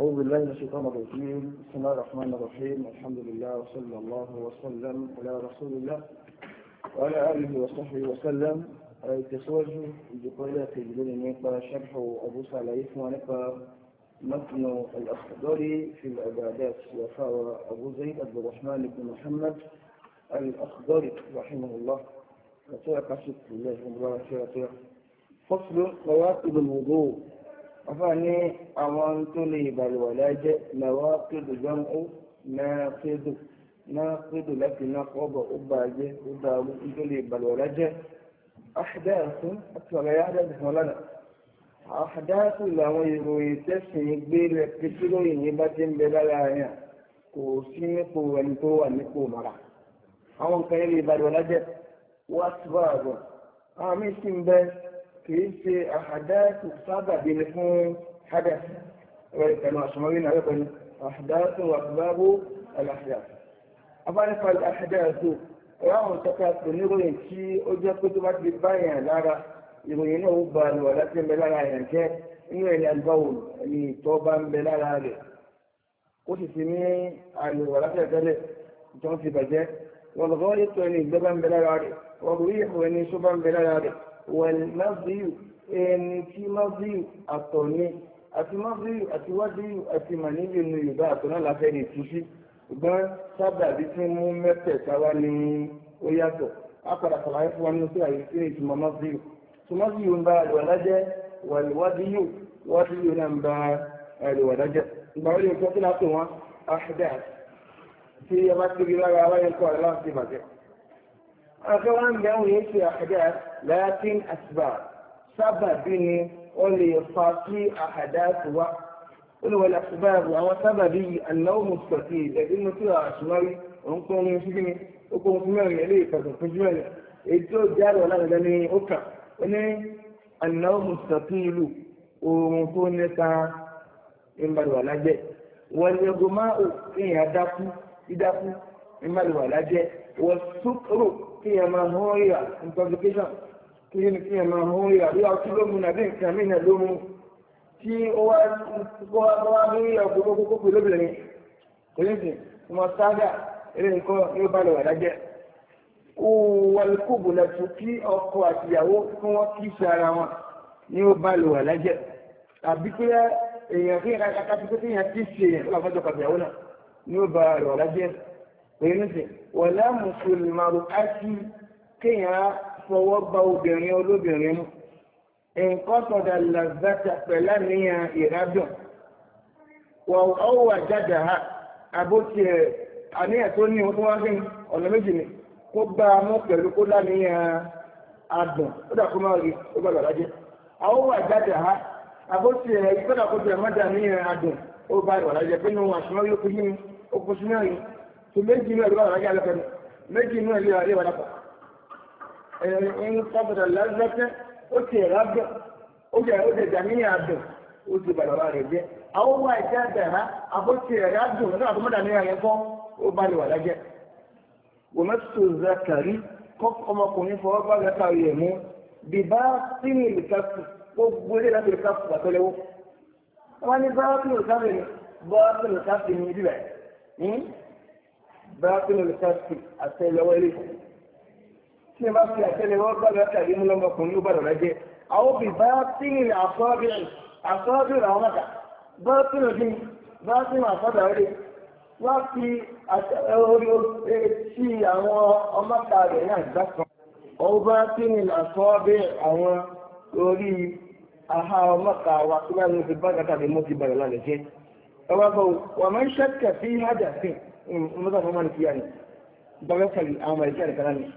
أعوذ بالله من الشيطان الرجيم بسم الله الرحمن الرحيم الحمد لله وصلى الله وسلم على رسول الله وعلى آله وصحبه وسلم التسوج بقولة تجدون نقا شرح أبو صالح ونقا متن الأخضري في العبادات وفاوى أبو زيد عبد الرحمن بن محمد الأخضري رحمه الله وتعقى شكر الله ومبارك فصل رواتب الوضوء afa ní àwọn tó lè ìbàlùwàlá jẹ́ mẹ́wàá kéde jọ́mú náà kéde náà kéde láti náà kọ́bọ̀ ó bàjẹ́ ó dàrú tó lè ìbàlùwàlá jẹ́ àṣìdáàtún àtọ̀rọ̀ yá dẹ́gbẹ̀ fún lánà àṣìdáàtún làwọn ìròyìn tẹ̀sìn gbé rẹ̀ pétéròyìn yìí bá ti ń bẹ lára yẹn kò sí nípò ẹni tó wà nípò mara àwọn kan yẹn lè ìbàlùwàlá jẹ́ wọ́n á ti bá àgbọ̀ àwọn míì kìí ṣe àdáàtù sábàbí ni fún hada rẹ̀ ìtẹ̀lú àṣọmọ́rí náà rẹ̀pẹ̀lú àdáàtù àgbábó àlàáfíà afánífà àdáàtù ráhùn tọ́ka pè ní ìròyìn tí ó jẹ́ pé tó bá ti bá èèyàn lára ìròyìn náà ó ba àlùwà láti ń bẹ lára èèyàn jẹ́ inú ẹ̀yà gbáwò ni ìtọ́ bá ń bẹ lára rẹ̀ ó sì ti ní àlùwà láti ẹ̀tẹ́lẹ̀ ìtọ́ ti bàjẹ́ wọ́n lọ́wọ́ ètò ẹni ìgbẹ́ bá ń bẹ lára rẹ̀ wọ́n rí ìhùwẹ́ ní iṣó bá ń bẹ lára rẹ̀ wẹ̀lmẹ́bíyù ẹni tí mọ́bíyù àtọ̀ni àti mọ́bíyù àti wádìyù àti màníyù ní yorùbá àtọ̀nà láfẹ́ ní ìtúsí ṣùgbọ́n sábà bí tí mú mẹ́tẹ̀ẹ̀ta wá ní ó yàtọ̀ á padà sàlàyé fún wa nínú sí àyè sí ìtumọ̀ mọ́bíyù mọ́bíyù ń ba àlùwàlájẹ́ wàlúwádìyù wádìyù náà ń bá ti rí lára أغوان لو يشي أحداث لكن أسباب سببني ولي فاقي أحداث وقت والأسباب وهو سببي النوم الثقيل لأنه كده عشوائي ونقوم من شكني وقوم لي مرمي عليه فتنقل جمالي ètò jáde ọ̀làgbẹ̀dẹ ní ọkà ó ní anáwó sàkílù oorun tó nípa ìmàlùwà lájẹ wọlẹ́gọ́máà ìyẹn adákú dídákú ìmàlùwà lájẹ kí ẹ máa hó ìyà in publication kí ni kí ẹ máa hó ìyà bí ọtí ló mu nàbí nǹkan mí nà ló mu tí ó wá kó wá bá wá bí ọkọ̀ kókó pé lóbìnrin kò ní sìn ọmọ sága eré nǹkan yóò bá lọ wà dájẹ́ ó wà lókòbò lẹ́tù kí ọkọ àtìyàwó kí wọ́n kí ṣe ara wọn ni ó bá lọ wà dájẹ́ àbí pé èèyàn kí ẹ̀ka kí èèyàn kí ṣe èèyàn lọ́wọ́ fọ́jọ́ kàbíyàwó náà ni ó bá lọ wà dájẹ́ pẹ̀lúṣe wọ̀lá mùsùlùmọ̀rù ákí kéèyàn fọwọ́ bá obìnrin olóbìnrin mú nǹkan sọ̀dà làzájà pẹ̀lá níyàn ìrádùn wà ó wà jáde ha àbótí ẹ̀ àníyàn tó ní ohun tó ọ̀nà méjì ni kó bá a mú pẹ̀lú kó láníyàn àdùn ó dà kó máa rí ó àwọn ha àbótí ẹ̀ ẹ̀ má dà níyàn àdùn ó bá pé ní àṣùmọ́ tó méjì inú ẹ̀rọ àrágá lẹ́fẹ̀ẹ́ méjì inú ẹ̀rọ àrágá lẹ́fẹ̀ẹ́ ẹ̀yìn sábẹ̀rẹ̀ lẹ́fẹ̀ẹ́ ó ti ẹ̀rọ abẹ́ ó jẹ́ ó jẹ́ jàmíyàn abẹ́ ó ti bàlọ́wà rẹ̀ jẹ́ àwọn wà ìjẹ́ abẹ́ ha àbó ti ẹ̀rọ adùn náà tó mọ́dà níyàn yẹn fọ́ ó bá lè wà lájẹ́ wòmẹ́sù zakari kọ́ ọmọkùnrin fọwọ́ bá zakari ẹ̀ mú bíbá sínú bá sínú ìlúkàfù báyàpínlẹ̀ olùsáàtì àtẹlẹwọ́ ilé tí ẹ fi àtẹlẹwọ́ gbàgbé àtàrí mú lọ́mọkùnrin ló bàdàn lẹ́jẹ́ àwọn òbí báyàpínlẹ̀ àfọ́bìnrin àwọn orí etí àwọn ọmọta aha ọmọta tí wọ́n ti bá gàtà lè mú ti wọ́n hájà sí in maza ba malikiya ne ba ga kari a malikiya da kanani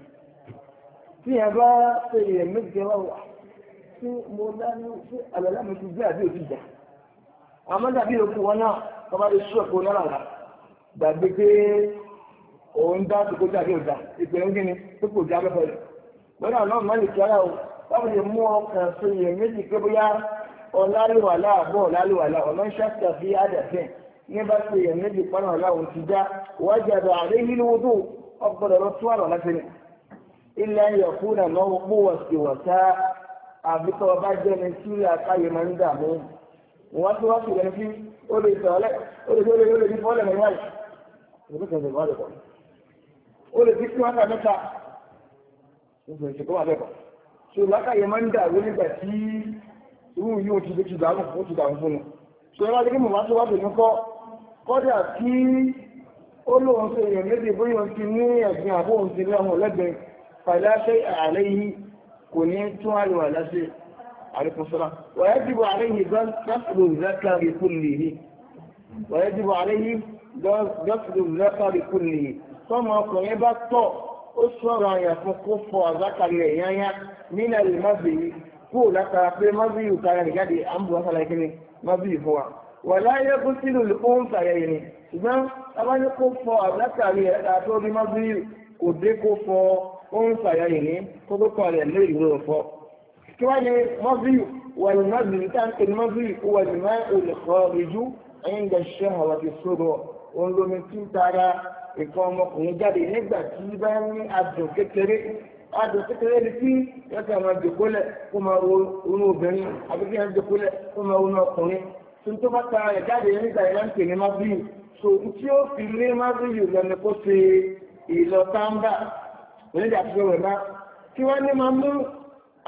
tí a bá ṣe ilẹ̀ méjì wá wà tí mo lánà sí àlàlá mi ti gbé àbí òbí jà àmọ́ dàbí òkú wọn náà tó bá lè ṣú ẹ̀kọ́ náà rà dàbí pé òun dá tó kọjá àbí òjà ìpè ń gíní tó kò já bẹ́ẹ̀ bẹ́ẹ̀ lọ́dọ̀ àná malikiya o wọ́n lè mú ọkàn ṣe ilẹ̀ méjì pé bóyá àbọ̀ ọ̀làlúwàlá ọ̀lọ́ṣàkàfí ní bá ṣe èèyàn méjì pọ́nà ọ̀làwọ̀n ti já a àléhìn lóòdù ọgbọ́dọ̀ lọ tún àrọ̀ láti rìn ilẹ̀ ayọ̀ fún náà lọ́wọ́ pọ̀ wọ̀síwọ̀sá àbíkọ́ ọba jẹ́ni tí àkáyè máa ń dààmú wọ́n ti wọ́n ti o sí ó lè sọ ọ́lẹ́ ó ní fọ́lẹ̀ mọ́ wáyé ìlú kan ṣe fọ́lẹ̀ pọ̀ ó kí wọ́n mẹ́ta ìṣèkọ́ wà lẹ́kọ̀ọ́ kọ́dà kí ó lóun ṣe èèyàn méjì bóyá ti ní ẹ̀gbìn àbóhun ti lọ́wọ́ lẹ́gbẹ̀ẹ́ fàìláṣẹ́ àlẹ́ yìí kò ní tún àríwá láṣẹ àríkùsọ́lá a àlẹ́ yìí gan zákàrí kùnlé lè má wala yẹ kó sínú ìfún sàyẹ̀ ìrìn ṣùgbọ́n tábà ní kó fọ àdákàrí ẹ̀ka tó bí má bí kò dé kó fọ ohun sàyẹ̀ ìrìn kó tó kọ rẹ̀ lé ìwé ọ̀fọ́. kí wọ́n ní mọ́bí wọ̀lì mọ́bí níta ń pè ní mọ́bí wọ̀lì má olùkọ́ ìjú ẹ̀yìn ìgbà ṣiṣẹ́ ọ̀rọ̀ ti tara ọmọkùnrin jáde nígbà tí bá ní adùn kékeré adùn kékeré ni tí wọ́n ti àwọn tó bá ta rẹ̀ jáde nígbà yẹn ń pè ní mábíyù so tí ó fi lé mábíyù lọ́nà kó ṣe ìlọ táǹbà onídàá tó rẹ̀ náà tí wọ́n ní máa mú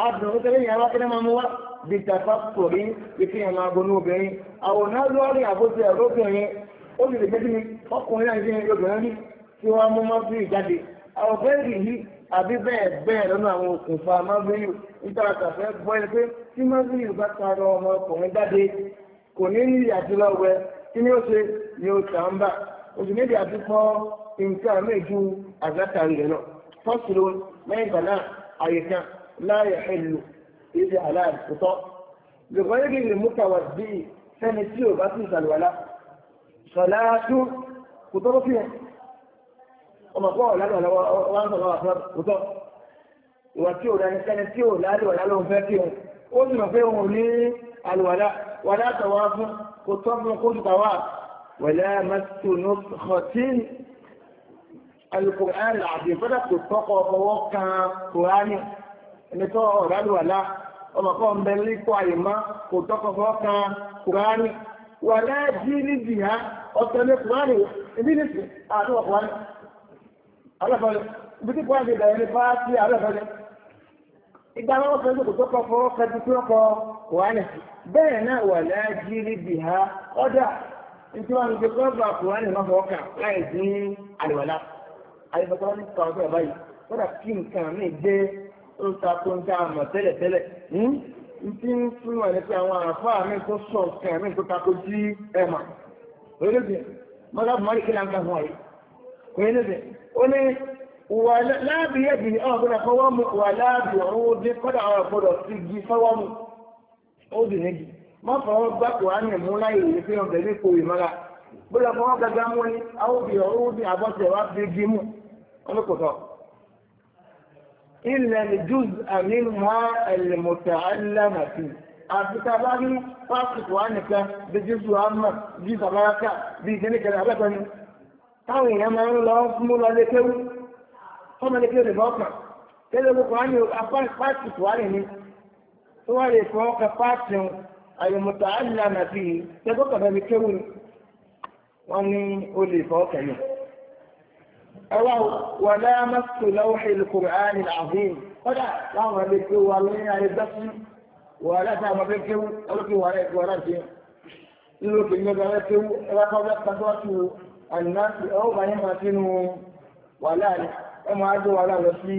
adùn ó tẹ́lẹ̀ yàrá kí máa mú wá bí tàfà kò rí ìfi hàn máa gbóná obìnrin àwòrán lórí àbójú ẹ̀rọ obìnrin ó lè gbé ní ọkùnrin náà ṣe obìnrin rí tí wọ́n mú mábíyù jáde àwọn bẹ́ẹ̀rì yìí àbí bẹ́ẹ̀ bẹ́ẹ̀ lọ́nà àwọn òkùnfà mábíyù nítorí àtàfẹ́ gbọ́ ẹgbẹ́ tí mábíyù bá ta ọmọ ọkùnrin jáde kò ní ní àti lọ wẹ kí ni ó ṣe ni ó tà ń bà oṣù méjì àti fọ́ nǹkan méjì àgbàtàrí rẹ̀ lọ fọ́sùlù lẹ́yìn ìgbà náà àyíká láàyè ẹ̀lù ìdí aláàbùtọ́ lùkọ́ yìí lè mú kàwà bí sẹ́ni tí ò bá sì sàlùwàlá sọ̀láàtú kò tọ́ fi hàn ọmọ pọ̀ lálọ́ lọ́wọ́ wọn sọ̀rọ̀ wà fún kò tọ́ ìwà tí ò dání sẹ́ni tí ò lálùwàlá ló ń fẹ́ kí wọn ó sì mọ̀ pé òun ò ní àlùwàlá ولا طواف كطب كل طواف ولا مس نسخة القرآن العظيم فلا تتقى فوقها قرآن نتوى أولاد ولا وما قوم بلي قائمة كتقى فوقها قرآن ولا جيل بها أصلا قرآن إذن اسم أعطوا قرآن على فلو بدي قرآن بياني فاتي على فلو ìgbà wọn kọ ẹgbẹ́ kòtò kọ fọwọ́ kẹbi tí wọ́n kọ kùránì bẹ́ẹ̀ náà wà láàjírí bì ha ọ̀dà nítorí wọn ti kọ́ bá kùránì máa fọwọ́ kà láì sí àlùwàlá ní kí nǹkan mi gbé ta tó ń ta àmọ̀ hmm? ń ní pé àwọn tó sọ tó takò wà láàbí ẹ̀bì àwọn ọ̀gbọ́dọ̀ fọwọ́ mu wà láàbí ọ̀rún ó dé kọ́dà àwọn ọ̀gbọ́dọ̀ sí igi fọwọ́ mu ó dì níbi má fọwọ́ gbà kó á yàn mú láyè èyí fi hàn bẹ̀rẹ̀ kó ìmọ̀ra gbọ́dọ̀ fọwọ́ gàgà mú ni àwọn òbí àbọ̀tẹ̀ wá bí igi mú ọlọ́kọ̀tọ̀. ilẹ̀ ni jùz àmì ha ẹ̀lẹ́mọ̀tà alámàtì àti tàbá ní pásítọ̀ á nìkan bí jésù á mọ̀ bí sàmáyáká bí ìdẹ́nìkẹ̀rẹ̀ abẹ́kọ̀ni táwọn èèyàn máa ń lọ mú lọ lé kọ́mọ ní kí o lè bọ́ kàn tẹ́lẹ̀ gbogbo wọn ni apáàtì tó wà lẹ́ni tó wà lè fọwọ́ kan páàtì wọn àyèmọ̀tà àlànà bíi tẹ́gbọ́ kàfẹ́ mi kéwù ni wọ́n ní o lè fọwọ́ kàn yẹn. ẹwà wọlé amásùtò lọ́wọ́ ìlú kùrán ní àbíyìn kọ́dà láwọn ọmọdé kéwù wa lóyún ayé gbásùn wọlé àti àwọn ọmọdé kéwù ọlọ́kì wọlé ìgbọ̀ràn sí nínú òkè ní ọgbà kéwù ẹwà kọ́ wọ́n máa jẹ́ wà lọ sí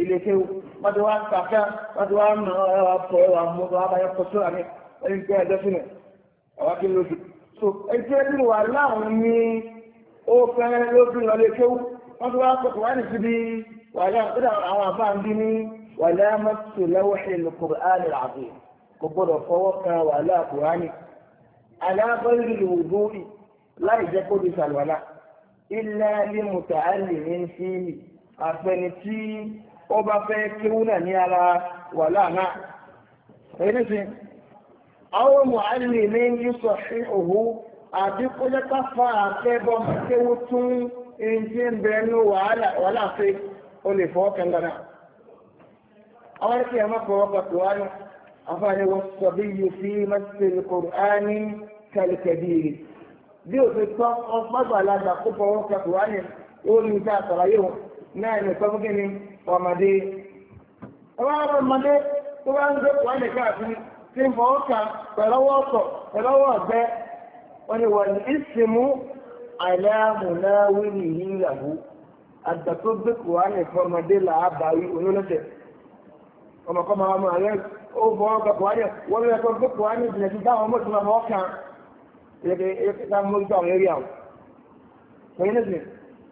ilé kéwù wọ́n ti wá ń tàfẹ́ wọ́n ti wá ń mọ̀ ẹwà pọ̀ ẹwà mú wọ́n bá yẹ kọ́ sóra ní ẹni pé ẹjọ́ sínú ọ̀wá kí ló dùn. so ẹjẹ́ bí wà láwọn di sàlùwàlà ilẹ̀ ní mùtàálì ní fíìmì àpẹni tí ó bá fẹ́ kéwú náà ní ara wà láàmà ẹni sí àwọn mu'allimin yusahhihu àbí kó jẹ́ ká fa àfẹ́bọ́ kéwú tún ẹni tí ń bẹ ní wàhálà fẹ́ ó lè fọ́ kangana àwọn ẹ̀kẹ́ ẹ̀mọ́ fọwọ́ pàtó wá náà afáàní wọn sọ bí yìí fi mẹ́sìlẹ̀ kùránì kẹlẹ̀kẹ̀bìrì bí òfin tán ọgbàgbà lágbà kó fọwọ́ pàtó ó ní ìta àtàlàyé wọn náà ní ẹ̀kọ́ fúnkẹ́ ni ọmọdé ọlọ́run ọmọdé tó bá ń gbé wà ní káàkiri tí ń fọwọ́ kan pẹ̀lọ́wọ́ ọ̀tọ̀ pẹ̀lọ́wọ́ ọ̀gbẹ́ wọn ni wọ́n ní ìsìnmú àìláàmúnáwìrì ìyàwó àgbà tó gbé wà ní ọmọdé làábàáwí olólẹ́sẹ̀ ọmọkọ́ máa máa rẹ́ ó fọwọ́ kan wà ní wọ́n ní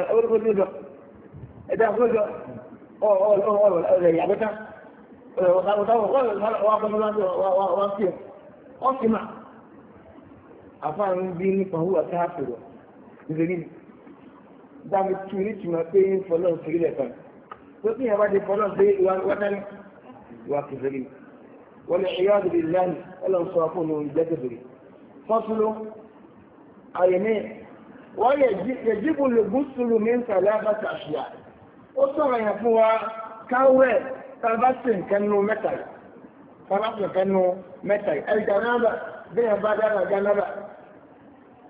àwọn olódò ẹ̀dá olódò ọ̀rọ̀ ìyàgbẹ́ta ọ̀sìmà àfáàrin bí nípa hùwà káàkiri ìrìnì dámi tún ní túnmọ̀ pé ń fọlọ́ òṣèré lẹ́kàn tó tí yàrá di fọlọ́ pé wọ́n wà kìfèrè wọ́n lè ṣíyá àdìrí lẹ́yìn ọlọ́run sọ fún òun ìjẹ́kẹ̀fèrè fọ́túlù àyẹ̀mẹ́ wọ́n yẹ̀jíbù lè gúúsùlù ní ìsàlẹ̀ àṣìyà ó sọ̀rọ̀ yẹn fún wa káwẹ̀ tàbátì nǹkan nínú mẹ́ta yìí tàbátì nǹkan nínú mẹ́ta yìí ẹ̀jẹ̀ náà bẹ́ẹ̀ bá dára gánábà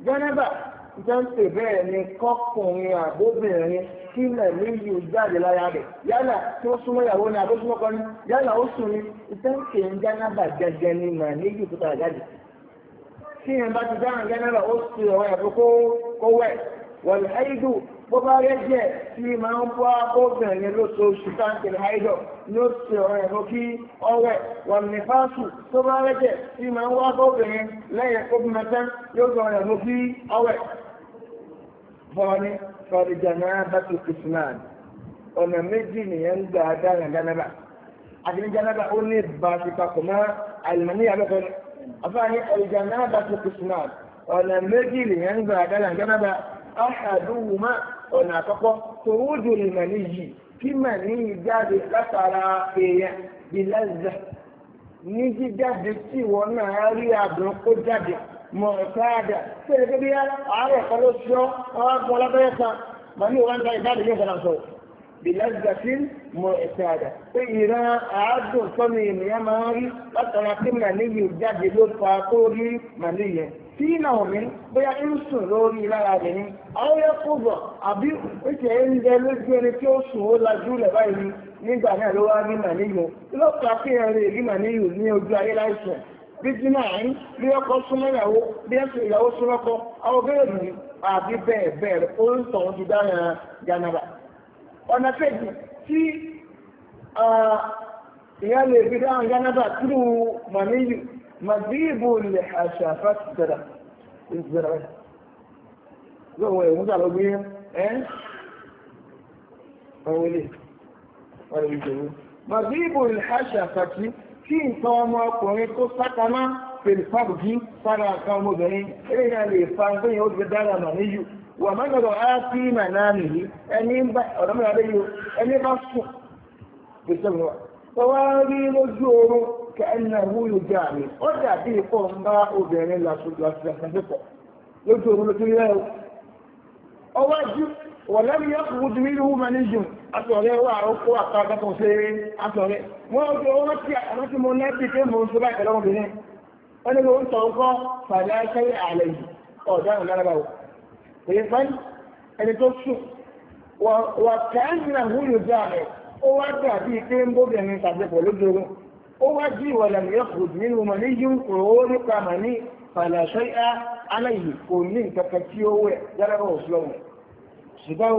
gánábà jẹ́ ń pè bẹ́ẹ̀ ni kọ́kùnrin àbóbìnrin kí lẹ̀mí yìí jáde lára rẹ̀ yálà tí ó súnmọ́ ìyàwó ni àbósúnmọ́ kan ní yálà ó sùn ní ìtẹ́ǹkì ń gánábà gẹ́gẹ́ ni màá ní ìjù tó tàrà jáde tí yẹn bá ti dáhùn gẹ́nẹ́rà ó sì ọ̀rọ̀ ẹ̀fọ́ kó wẹ̀ wọ̀lẹ̀ haidu bó bá rẹ̀ jẹ́ tí máa ń bọ́ abóbìnrin yẹn lóṣooṣù táǹkìlì haidu ní ó sì ọ̀rọ̀ ẹ̀fọ́ kí ọwẹ̀ wọ̀lẹ̀ fásù tó bá rẹ̀ jẹ́ tí máa ń wá abóbìnrin lẹ́yìn obìnrin tán yóò sọ ọ̀rọ̀ ẹ̀fọ́ kí ọwẹ̀ a àlìjànà bá ti kùsùnà ọ̀nà méjì lèèyàn ń gbà dálà jábàbà áhàdúhùmá ọ̀nà àkọ́kọ́ tòwúdù ìmọ̀lì yìí kí màní jáde látara èèyàn bí lẹ́zà ní jíjáde tí ìwọ náà rí àdùn kó jáde mọ̀ ọ̀táàdà tí èdè bí àárẹ̀ kan ló ṣọ́ ọ́ بلذة معتادة إيران أعد صميم يماري أترك مني جد للفاقوري مني في نوم بيا إنسان لوري لا يعني أو يقظ أبي إتعين للجنة كيوسو لا جولة بايني nígbà náà ló rí ẹ lè rí màníyù ní ojú ayé láìsàn bí jìnnà àárín bí ó ọ̀nà kejì tí ìyá lè fi dáhùn yánábà tìlú màníyù màdìbò lè àṣà fásitì dára ìgbéra rẹ̀ lọ́wọ́ ẹ̀ múta lọ gbé ẹ́ ọwọ́ ilé ọ̀rọ̀ ìjòwó màdìbò lè àṣà fásitì kí nǹkan ọmọkùnrin tó sákamá fèrè fàbùkí sára nǹkan ọmọbìnrin eré náà lè fa gbẹ̀yìn ó ti dára màníyù wà má lọ́rọ̀ á sí màná mi yìí ẹni bá ọ̀rọ̀ mi rárá yìí o ẹni bá sùn kò sọ̀rọ̀ wa tó wá rí lójú oorun kẹ́ ẹni náà wúlò jẹ́ àmì ó dàbí ikọ̀ ń bá obìnrin làṣàṣàṣàṣàpọ̀ lójú oorun ló rẹ̀ o ọwọ́ ju wọ̀lẹ́mi yẹ kò wúdi nínú ní jù àtọ̀rẹ́ wà ó kó àtàkùn ṣe àtọ̀rẹ́ wọ́n ti wọ́n ti àwọn tí mo náà ti ké mo ń sọ báyìí pẹ̀lú ọmọbìnrin wọ́n ní kí wọ́n tọ̀ ń kọ́ fàdé àlẹ́ yìí ọ̀dọ́ àwọn lára rìfán ẹni tó sùn wà káàmìnà húlù dáàrẹ̀ ó wá dàbí pé ń bóbìnrin tàbí pẹ̀lú dòrò ó wá jí ìwọ̀lẹ̀ mìíràn nínú mọ̀ ní yíò kòrò nípa mọ̀ ní fàlàṣẹ́ á aláìyí kò ní nǹkan tí ó wẹ̀ yára ò sọ́wọ́ ṣùgbọ́n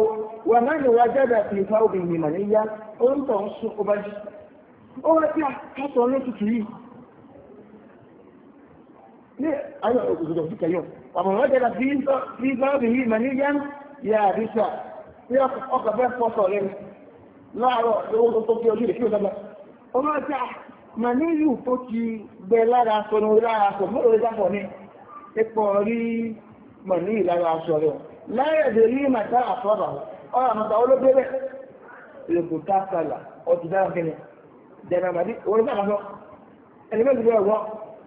wà máa ní wájá dà fi ìfá obìnrin mọ̀ ní yá ó ń tọ̀ ń sún ó bá jí ó wá sí àkásọ̀ ní tutù yìí ní àwọn òkùnkùn tó fi kẹyọ̀ ومن وجد في بابه منيا يا بسا bí ọkọ̀ fẹ́ fọ́sọ̀ rẹ̀ láàárọ̀ lówó tó kí ojú rẹ̀ kí o dábà ọmọ ọ̀tí àmà ní ìlú tó ti gbẹ lára aṣọ ní lára aṣọ mọ́rọ̀ rẹ̀ dápọ̀ ní ipò rí mọ̀ ní ìlara aṣọ rẹ̀ láyẹ̀dẹ̀ rí màtá àfọ́rà ọ̀rọ̀ àmọ́ta olóbẹ̀rẹ̀ lògùn tá sàlà ọtí dára kẹ́lẹ̀ dẹ̀nà màdí orí sàlà sọ ẹni mẹ́lùmí ọ̀wọ́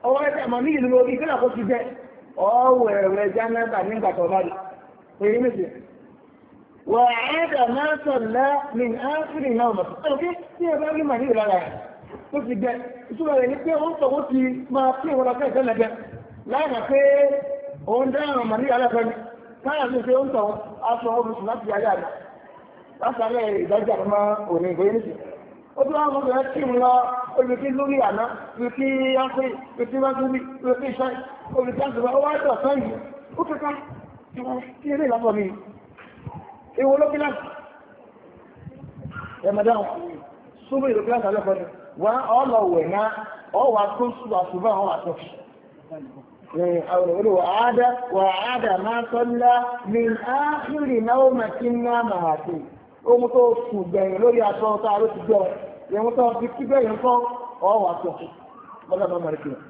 ọwọ́ ọ̀wọ̀ jánẹ́bà nígbà tó bá èyí méjì wà ẹ̀ẹ́dà máa sọ̀lá ní áfírí náà mọ̀ ọ̀kí tí ẹ bá rí màní ìlara rẹ̀ tó ti gbẹ ìtura rẹ̀ ní pé ó ń sọ ó ti máa ìwọ̀n pé dáhùn fẹ́ mi káyà ní pé ó ń sọ aṣọ láti ayé àná ìdájà òní ojú wa mọ̀ bẹ̀rẹ̀ kí n lórí àná olùkí yánpé olùkí mágúbí olùkí ṣáì olùkí àgbà ó wá dọ̀ sán yìí ó kẹta kí eré ìlàpọ̀ mi ìwọ ló kílá Ó mú tó sùn lórí aṣọ ló ti gbọ́ ìwọ̀n tó fi kí bẹ́ẹ̀ nǹkan ọwọ́ wà sọ lọ́dọ̀ bá máa kìlọ̀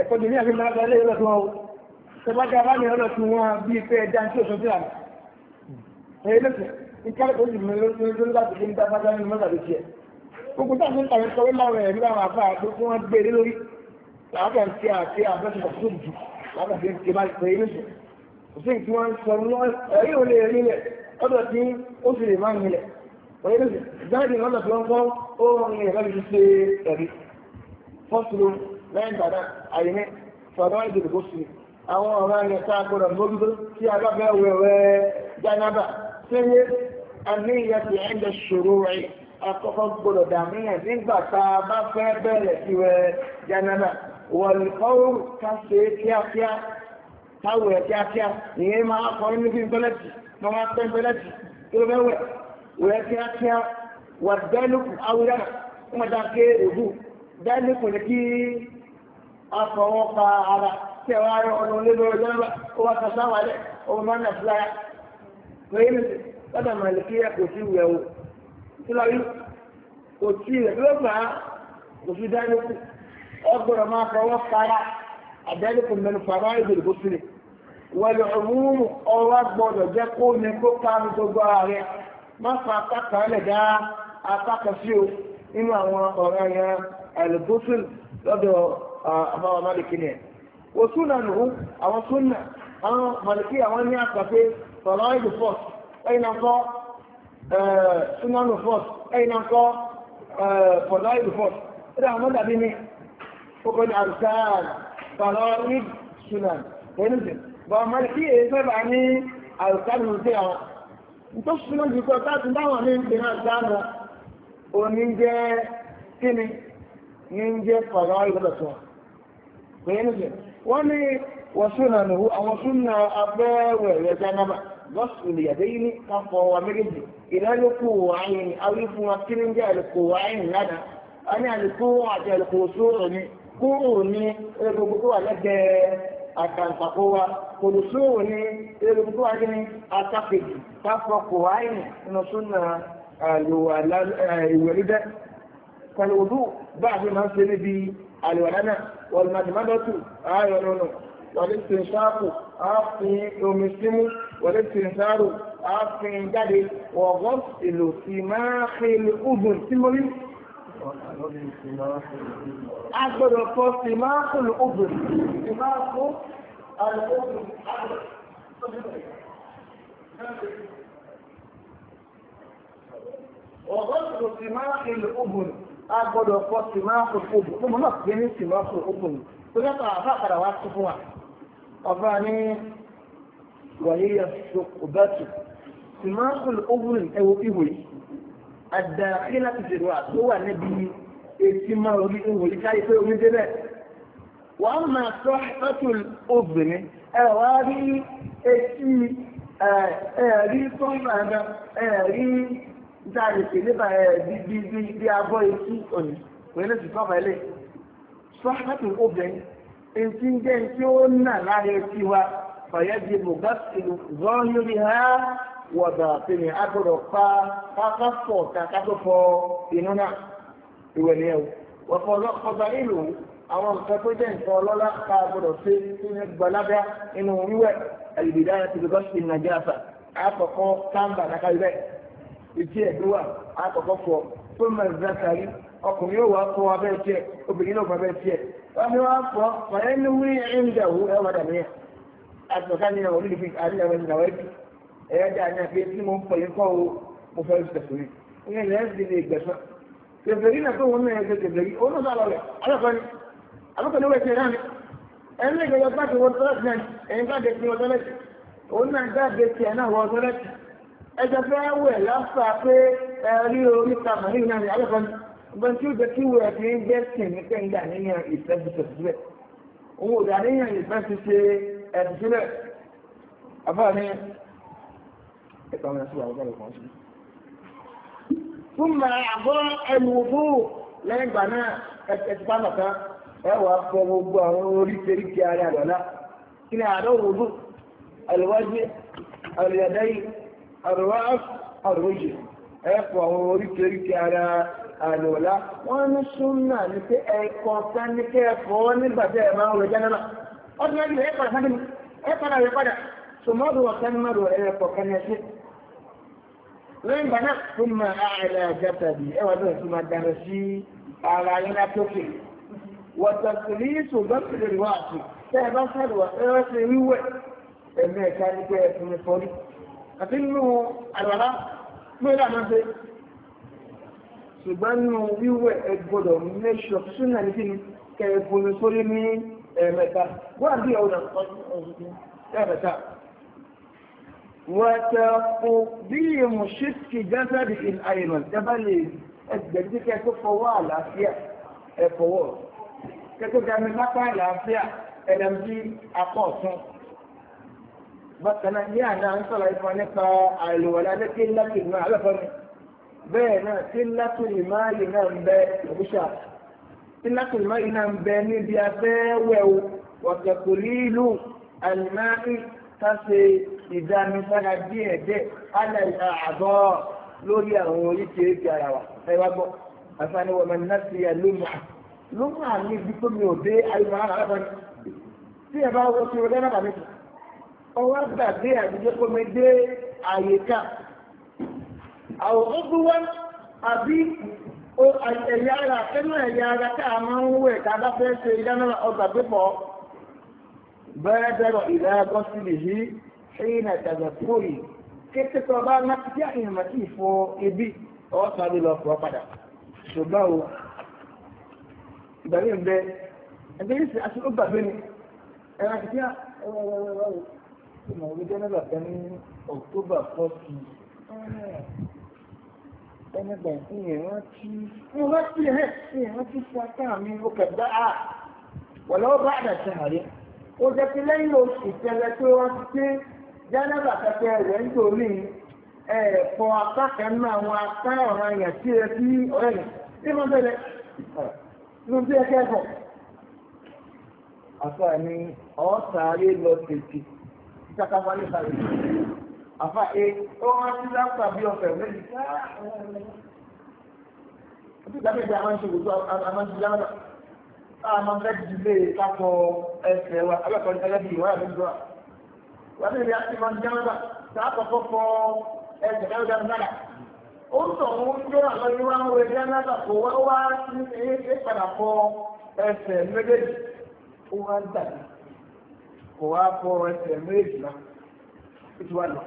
ẹ̀kọ́ jẹ́ ní àfi máa gba ilé ìrọ̀tún wọn o ṣe bá dáa bá ní ọ̀rọ̀ tí wọ́n bí pé ẹja tí òṣèlú àná ẹ̀yẹ lẹ́sẹ̀ nǹkan tó ti mú lórí láti fi ń dá bájá nínú mọ́tàdé tiẹ̀ gbogbo táà ní ìtàwé sọ láwọn ẹ̀mí láwọn àbá àti tí wọ́n gbé lé lórí ó sì lè má ń rí Ìjáde ìrọ́nà tó ń gbọ́ ó rọrùn ẹ̀rọ ìlú ṣe ẹ̀rí. Fọ́sùlù lẹ́yìn bàdá àyẹ̀mẹ́ fọ̀dọ̀ ìdìbò kó sí. Àwọn ọ̀rọ̀ ẹ̀yẹ tá a gbọ́dọ̀ mójútó tí a bá bẹ́ẹ̀ wẹ̀wẹ̀ jánábà. Ṣéyé àníyàn ti ẹ̀ ń lọ ṣòro rẹ̀. Àkọ́kọ́ gbọ́dọ̀ dàmíyàn nígbà tá a bá fẹ́ bẹ̀rẹ̀ sí wẹ̀ jánábà. Wọ̀lùkọ́rù wee kiya wa dalikun aure kuma da ke rubu ki a kawo ba ara cewa ya wani wani bai wajen ba kuma ka sa na fulaya ko yi ne ya ko ci yawo tulawi ko ci da ko a dalikun min fara ibil ọwa gbọdọ ne kó má fa apákà lẹ̀ dá apákà sí o nínú àwọn ọ̀rọ̀ yẹn àlùbọ́sùn lọ́dọ̀ àbáwọ̀ málìkì ni ẹ̀. wò súnà nù àwọn súnà àwọn málìkì àwọn ní àkàpé sọ̀rọ̀ ìlú fọ́s ẹ̀yìn náà kọ́ súnà nù fọ́s ẹ̀yìn náà kọ́ sọ̀rọ̀ ìlú fọ́s ó dà wọ́n dàbí mi ó kọ́ ní àrùsáàn sọ̀rọ̀ ìlú súnà wọ́n ní bọ̀ málìkì èyí sábà ní àrùsáàn nù tó súnmọ́ jùkọ́ táti báwọn ní ìpè náà òní jẹ́ kíni ní jẹ́ fọ̀rọ̀ ìgbọ́dọ̀ tó pé ní wọ́n ní wọ̀súnà nìhu àwọn súnà abẹ́wẹ̀ rẹ̀ jánábà lọ́sùn ìyàdé a ní àlùkò àti àtàǹtàkówá kòlùsùwò ní erùkú wájú ní atákejì káfọ kòháìnì nínú súnà ìwé lídẹ́ kọlùwùdù bá a fi máa ń ṣe níbi àlùwàlá náà wọlùmọ̀dìmọ́dọ́tù ààyọ̀ nínú wọlẹ́tìnsáàpù ààfin omi símú wọlẹ́tìnsáàrù ààfin jáde wọ̀gọ́ ìlò sí máa ń fi ìlú ùgùn símúlí a gbọ́dọ̀ kọ sí máa kún obìnrin sí máa kún alùpùpù ọgọ́sùn sí máa kún obìnrin a gbọ́dọ̀ kọ sí máa kún obìnrin mo náà pè ní sí máa kún obìnrin tó yàtọ̀ àbá padà wá sí fún wa ọba ní wàyí yẹ sí máa kún obìnrin ẹwọ ìwòye àdàkí láti ṣèrò àtó wà níbi etí máa orí ìwòlí káyé pé omi débẹ̀. wọ́n máa sọ ẹ́tùl obìnrin ẹ wá rí etí ẹ̀rí sọ́nà ẹ̀rí dáàrìsì nípa bí abọ́ etí òní pẹ̀lú ìfọ́fà ilé sọ ẹ́tùl obìnrin etí ń jẹ́ tí ó nà lára etí wa fàyẹ́dì bùgásìlù zọ́ọ́ lórí ha wọ̀dà a agbọ́dọ̀ pa pápákọ̀ kakátọ́fọ́ inú náà ìwẹ̀ ni ẹ̀ o wọ̀fọ̀ ìlú àwọn nǹkan tó jẹ́ nǹkan ọlọ́lá ká gbọ́dọ̀ ṣe nínú gbọ́lábá nínú wíwẹ̀ àlùbìdá àti bíbọ́sì nàìjíríà àkọ́kọ́ táǹbà nàkàlẹ́ ìtí ẹ̀dúwà àkọ́kọ́ fọ tó mẹ́rin zákàrí ọkùnrin yóò wá fọ abẹ́ tiẹ̀ obìnrin náà fọ abẹ́ tiẹ̀ wọ́n ní fọ fọyẹ́ ní wí ń ẹ̀yẹ́ dá ní pé tí mo ń pọ̀ yín kọ́ o mo fẹ́ tẹ̀sùn ìyẹn lẹ́yìn ti lè gbẹ̀sán tẹ̀sẹ̀rí náà tó wọn náà ṣe tẹ̀sẹ̀rí ó náà sálọ alákọ̀ọ́ni alákọ̀ọ́ni wẹ̀ ṣe rán ẹni lè gbẹ̀yọ bá ti wọ tọ́lẹ̀tì náà ẹ̀yin bá dé ti wọ tọ́lẹ̀tì òun náà dáàbẹ̀ ti ẹ̀ náà wọ tọ́lẹ̀tì ẹjọ́ Ya ẹ̀kọ́mọ̀ sí àwọn ọ̀gọ́rọ̀ kan sí. fún màá àbọ̀ ẹnu òfú lẹ́yìn ìgbà náà ẹtì bá nàka ẹ wàá fọ gbogbo àwọn oríṣiríṣi ara àgbàlá kí ni àdó òfú àlùwájú àlùyàdáyì àrùwá àrùwájú ẹ fọ àwọn oríṣiríṣi ara àlùwàlá wọn ní súnà ní pé ẹ̀kọ́ kan ní kẹ́ ẹ fọ́ nígbà tí náà ọdún ẹgbẹ̀rún lẹ́yìn ìgbà náà tó máa àìlẹ̀ àjẹta bí ẹwà bẹ̀rẹ̀ tó máa dára sí ara yín látókè wọ̀tàkìlì ṣùgbọ́n sì lè wá àti tẹ́ ẹ bá sáré wà ẹ wá sí wíwẹ̀ ẹ̀mí ẹ̀ka ní pé ẹ̀fún mi fọ́rí àti nínú àlọ́lá pé lànà ṣe ṣùgbọ́n nínú wíwẹ̀ ẹ gbọ́dọ̀ mẹ́ṣọ̀ sínú àdìsí ni kẹ́ ẹ̀fún mi sórí ní ẹ̀mẹ́ta wọ́n àbí ọ̀nà ẹ̀mẹ́ta وتقضيهم شك جسد الأيمن تبالي ẹgbẹ̀rún kíkẹ́ tó fọwọ́ àlàáfíà ẹ̀fọwọ́ kẹ́kọ̀ọ́ gami lápá àlàáfíà ẹ̀dàmjí apọ̀ ọ̀tún bákanáà ní àná ń sọ̀rọ̀ ìfọ̀ nípa àìlùwọ̀lá ní kí ńlá kìlú náà alẹ́fọ́ mi bẹ́ẹ̀ náà kí ńlá kìlú máa yìí náà ń bẹ òkúṣà kí ńlá kìlú máa yìí náà ń bẹ níbi afẹ́ wẹ̀wò wọ̀tẹ̀kùlí ìlú ká ṣe ìdánisára díẹ̀ dẹ́ alẹ́ àbọ̀ lórí àwọn oríṣiríṣi ara wa ẹ wá gbọ́ àfààní wọn máa ń láti ya lómà lómà ní ibi tó mi ò dé àyùmọ̀ ara rẹ̀ fún mi tí ẹ bá wọ́n ti rọ̀ lẹ́nà kàmí tù ọwọ́ gbàgbé àdúgbò kó mi dé àyè ká àwọn ọgbọ́n àbí ẹ̀yà ara kẹ́nu ẹ̀yà ara ká máa ń wẹ̀ ká bá fẹ́ ṣe ìdáná ọgbà gbé pọ̀ bẹ́ẹ̀ bẹ́ẹ̀ ìlà ẹ̀kọ́ sí ṣéyìnà tàgbàfórì kété tó bá ná tí àyìnbá tí fọ ebi ọwọ́ sáré lọ fọ́ padà ṣùgbọ́n o ìgbà mi bẹ ẹgbẹ́ yìí aṣọ ó gbàgbé ni ẹ̀rọ àti tí a ẹ̀rọ ẹ̀rọ ẹ̀rọ ẹ̀rọ ìmọ̀ orí jẹ́nẹ́bà kan ní ọ̀ktọ́bà fọ́ọ̀tì jẹ́nẹ́bà ìyẹn rántí mo rántí ẹ̀ ìyẹn rántí fún apá mi ó kẹ̀dá à wọ̀lọ́wọ́ bá àdàtì àárẹ̀ ó jẹ́ pé lẹ́yìn oṣù tẹ́lẹ̀ tó rántí pé jẹ́nẹ́bà kẹkẹ rẹ̀ ń torí ẹ̀ẹ̀fọ́ apákẹ́ nínú àwọn apá ọ̀rọ̀ àyàn tí ẹ fi ọ̀rẹ́ rẹ̀ tí wọ́n bẹ̀rẹ̀ nínú bí ẹ kẹ́kọ̀ọ́. àfa ni ọ̀ọ́sàáré lọ tètè ìtàkàfà ní sàrè àfa e ó wọ́n ti lápá bí ọ̀fẹ́ méjì sáà ìdábẹ́ ìdí àwọn ìṣòwò tó àwọn ìṣòwò àwọn ọmọ ẹgbẹ́ ìdílé kápọ̀ ẹsẹ̀ wa alákọ̀ọ́lẹ́ ìwà wàbí ibi àti máa ń jẹ́mẹ́bà sáàkọ̀kọ́ fọ ẹsẹ̀ mẹ́wàá mẹ́wàá ó ń sọ̀rọ̀ ń gbé àlọ́ yìí wá ń wọ ẹgbẹ́ mẹ́wàá kò wá wá ní ẹ padà fọ ẹsẹ̀ méjèèjì ó wá ń tà kò wá fọ ẹsẹ̀ méjèèjì náà ètò wà lọ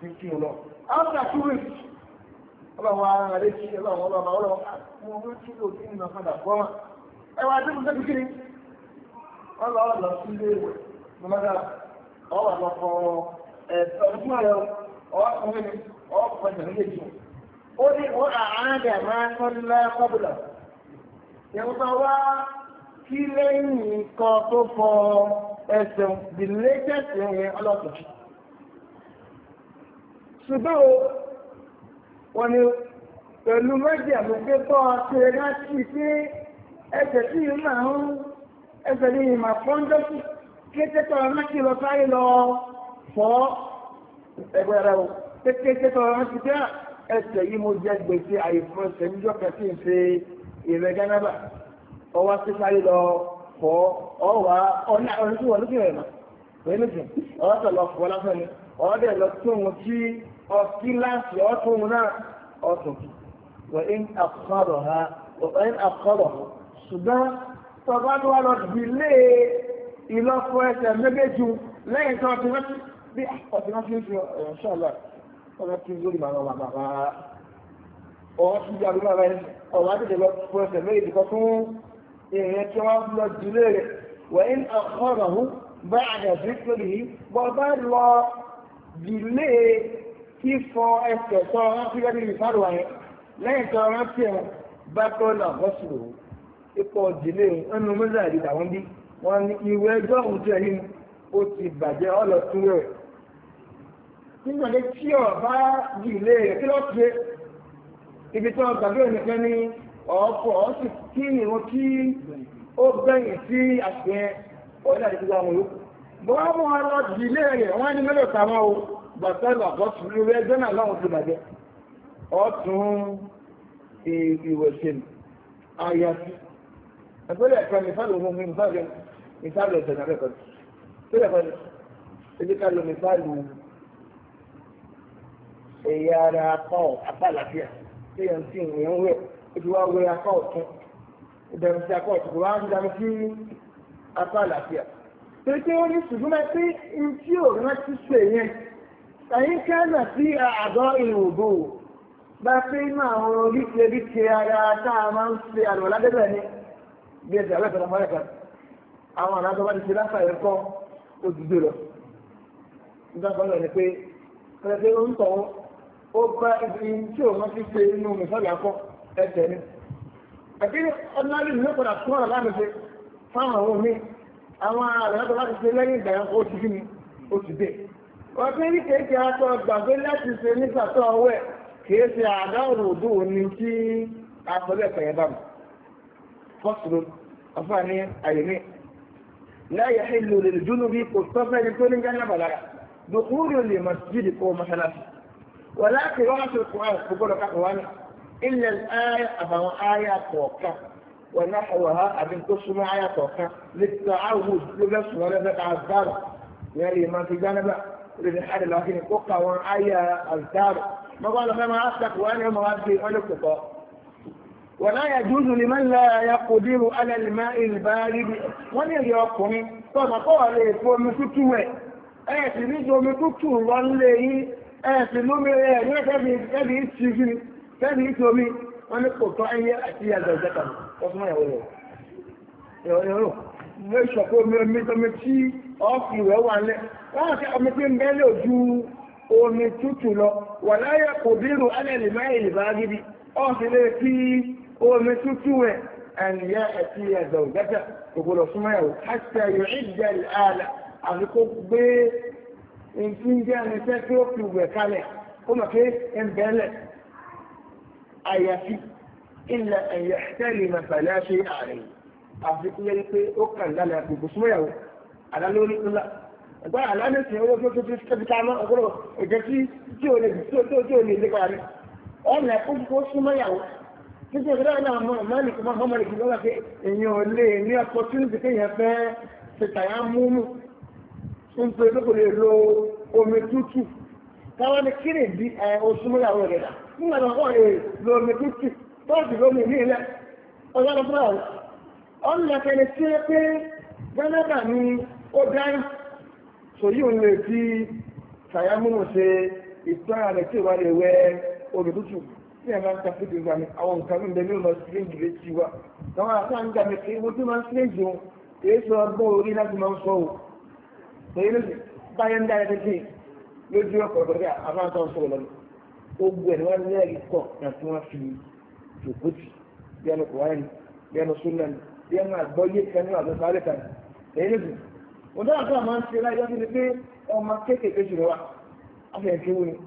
kí kí n lọ. áfíà túwì ọlọ́wọ́ ara rẹ̀ kí ọlọ́wọ́ ọlọ́wọ́ lọ padà fọ́ ẹ wá dé kí ọwọ́ àlọ́kọ́ ọdún rẹ̀ ọkùnrin ni ọkùnrin rẹ̀ lè jù. ó ní wọ́n àádà máa ń tán ńlá kọ́bùlà. ìrùbá wá kí lẹ́yìn kan tó fọ ẹsẹ̀ the latest yẹn ọlọ́pàá. ṣùgbọ́n wọn ni pẹ̀lú méjì àmúgbé bọ́ ṣe láti pé ẹsẹ̀ tí yìí máa ń ẹsẹ̀ ní ìmọ̀ pọ́ńdọ́sì kété tọrọ rántí lọ sáré lọ fọ́ ẹgbẹ́ rẹ o kété tọrọ rántí pé ẹsẹ̀ yìí mo jẹ gbèsè àìfọ́ ẹsẹ̀ níjọ́ kẹsì ń ṣe ìrẹ́ gánábà ọwọ́ sí sáré lọ fọ́ ọwọ́ ọ̀nà ọ̀nà tí wọ́n lókè rẹ̀ mọ́ pẹ̀lú ìsìn ọwọ́ tọ̀ lọ fọ́ lásán ni ọwọ́ dẹ̀ lọ tó wọn tí ọtí láti ọtún wọn náà ọtún wọ́n ń àkọ́rọ̀ ha ṣùgbọ́n tọ́ba tó wà lọ dìlé ìlọ́fọ ẹsẹ̀ méjèèjì lẹ́yìn tí wọ́n ti rántí bí ọ̀sìn rántí ń fi ọ̀rọ̀ ṣọ́ọ̀lá ọ̀rọ̀ tí lórí màmá bàbá bá ọ̀rọ̀ tí ìjà lórí rẹ̀ ọ̀rọ̀ àti ìjọba fún ẹsẹ̀ méjèèjì kan fún ìrìn tí wọ́n lọ jùlé rẹ̀ wẹ̀yìn ọ̀rọ̀ ọ̀hún bá àjàdí pẹ̀lú yìí bọ́ bá lọ jùlé fífọ ẹsẹ̀ tó rántí lẹ́yìn ìfàdùwà yẹn lẹ́yìn tó rántí ẹ̀ bá kọ́ náà bọ́sùn ipò jùlé ẹnu mẹ́sàn-án wọ́n ní ìwé ẹjọ́ òun jẹ́ yìí ó ti bàjẹ́ ọlọ́tún rẹ̀ nínú ilé tí ọ̀ bá di ilé rẹ̀ kí lọ́ọ́ ṣe ibi tí wọ́n gbàgbé nìkan ní ọ̀ọ́pọ̀ ọ́ sì kí ìrún kí ó gbẹ̀yìn sí àṣẹ ọ̀dà ìdílé àwọn yòókù bọ́n mú wọn lọ di ilé rẹ̀ wọ́n ní mélòó tàwọn o gbàtẹ́lù àbọ̀tún ìwé ẹjọ́ náà lọ́wọ́ ti bàjẹ́ ọ̀tún ìwẹ̀sẹ̀ àyàfi ẹgbẹ́lẹ̀ ẹ̀kọ́ ní fẹ́lẹ̀ òun mi fẹ́lẹ̀ mísáàlù ọ̀sẹ̀ náà lẹ́kọ̀ọ́ tó lẹ́kọ̀ọ́ ni ebi ká lo mísáàlù ẹ̀yà ara apá ọ̀ apá àlàáfíà tí èèyàn ti ìyẹn wẹ̀ ebi wá wẹ̀ apá ọ̀tún ìbẹ̀rù sí apá ọ̀tún kò wá ń dàmú sí apá àlàáfíà tó tí ó ní ṣùgbọ́n máa pé n tí ò rántí sí èèyàn ẹ̀yìn kẹ́nà sí àgọ́ ìròbó bá pé inú àwọn oríṣiríṣi ara tá a máa ń ṣe àlọ́ ni bí ẹ̀sẹ̀ àlọ́ ìfọ̀nàmọ́ ẹ̀ka àwọn àdájọ́ bá ti ṣe látàrí kọ́ òdìdó lọ. lọ ni pé pẹ̀lẹ́ ó ń tọ̀ ó bá ibi tí òun ti ṣe inú mìsọ́lì akọ ẹ̀jẹ̀ ni. àti ọ̀nàlì ní ọ̀pọ̀dà tún ọ̀rọ̀ láti ṣe fáwọn àwọn mi àwọn àdájọ́ bá ti ṣe lẹ́yìn ìgbà yẹn ó ti bí mi dé. kéèké gbàgbé láti ṣe لا يحل للجنوب قصصا لكل جنب لا دخول لمسجد قوم ثلاثة ولا قراءة القرآن بقول قرآن إلا الآية أو آية توقع ونحوها أبن تسمع آية توقع للتعوذ لبس ولا تتعذر يعني ما في جانب للحال لكن القوقع وآية الدار ما قال ما أصدق وأنا ما أدري أنا القطاع wọ̀lá yàjúzù lè máa láyà kò dírò alẹ́lìmá ìrìbá ríbi wọ́n ní èrè ọkùnrin tọ́nà kọ́wà lè fò omi tútù ẹ̀ ẹ̀ẹ̀sì ní ju omi tútù lọ lè yí ẹ̀ẹ̀sì lómi rẹ̀ ní ẹ̀ẹ́bí ti fi tẹ́bí ti omi wọ́n ní kò tọ́ ẹyẹ àti àgbà ìjẹta ọdún ẹ̀wọ̀ rẹ̀ ẹ̀rọ mẹ́ṣọ̀ pé omi omi tọ́mi tí tútù lọ wọ̀lá yà kò dírò alẹ́lìmá ìrìbá ọ̀sìn lè fi omi tútù ẹ̀ ẹ̀nìyà àti ẹ̀dọ̀ gẹ́gẹ́ ògbọ́dọ̀ súnmọ́yàwó àṣà yóò ìjẹ́ àlà àti kó gbé nǹkan jẹ́ irinṣẹ́ tí ó fi wẹ̀ kalẹ̀ ó mọ̀ pé ń bẹ́lẹ̀ àyàfi ilẹ̀ ẹ̀yà tẹ́lẹ̀ màfàlẹ́ ṣe ààrẹ àfi kí lẹ́ni pé ó kàn lálẹ́ àgbègbè súnmọ́yàwó àlá lórí ńlá ẹgbẹ́ àlá ní owó tó tó ti kẹ́bíkà mọ́ ọgbọ́dọ̀ òjẹ́ tí tí ò lè lépa rẹ̀ ọ̀nà ẹ̀kọ́ nítorí ìgbà náà mọ̀ mọ́lì kò máa fọ́ mọ́lì kì lọ́wọ́ pé èèyàn ò lè ní opportunity kéèyàn fẹ́ ṣe tàyà múmú ń pe lóko lè lo omi tútù káwọn ní kí ni di oṣù mọ́yàwó rẹ̀ dà nígbà náà wọ́n lè tí ẹ máa ń ka fídíò ìgbà mi àwọn nǹkan mi bẹ ní ọmọ sílẹ̀jì létí wa àwọn àtàn ń gbà mí pé mo tún máa ń sílẹ̀jì o èyí sọ ọgbọ́n orí láti máa ń sọ o pẹ̀lú báyọ̀ ń dára títí lójú ọkọ̀ ọ̀dọ́dẹ́ àbáńtọ́ sọ lọ́nà ogun ẹ̀ni wọ́n ní ẹ̀rí kọ̀ láti wọ́n fi jòkótì bí ẹnu kò wáyé bí ẹnu súnmọ́ ni bí ẹnu àgbọ́yé kan ní àgbẹ̀fọ́ alẹ́ kan èyí lè mo dáhà tó àmọ́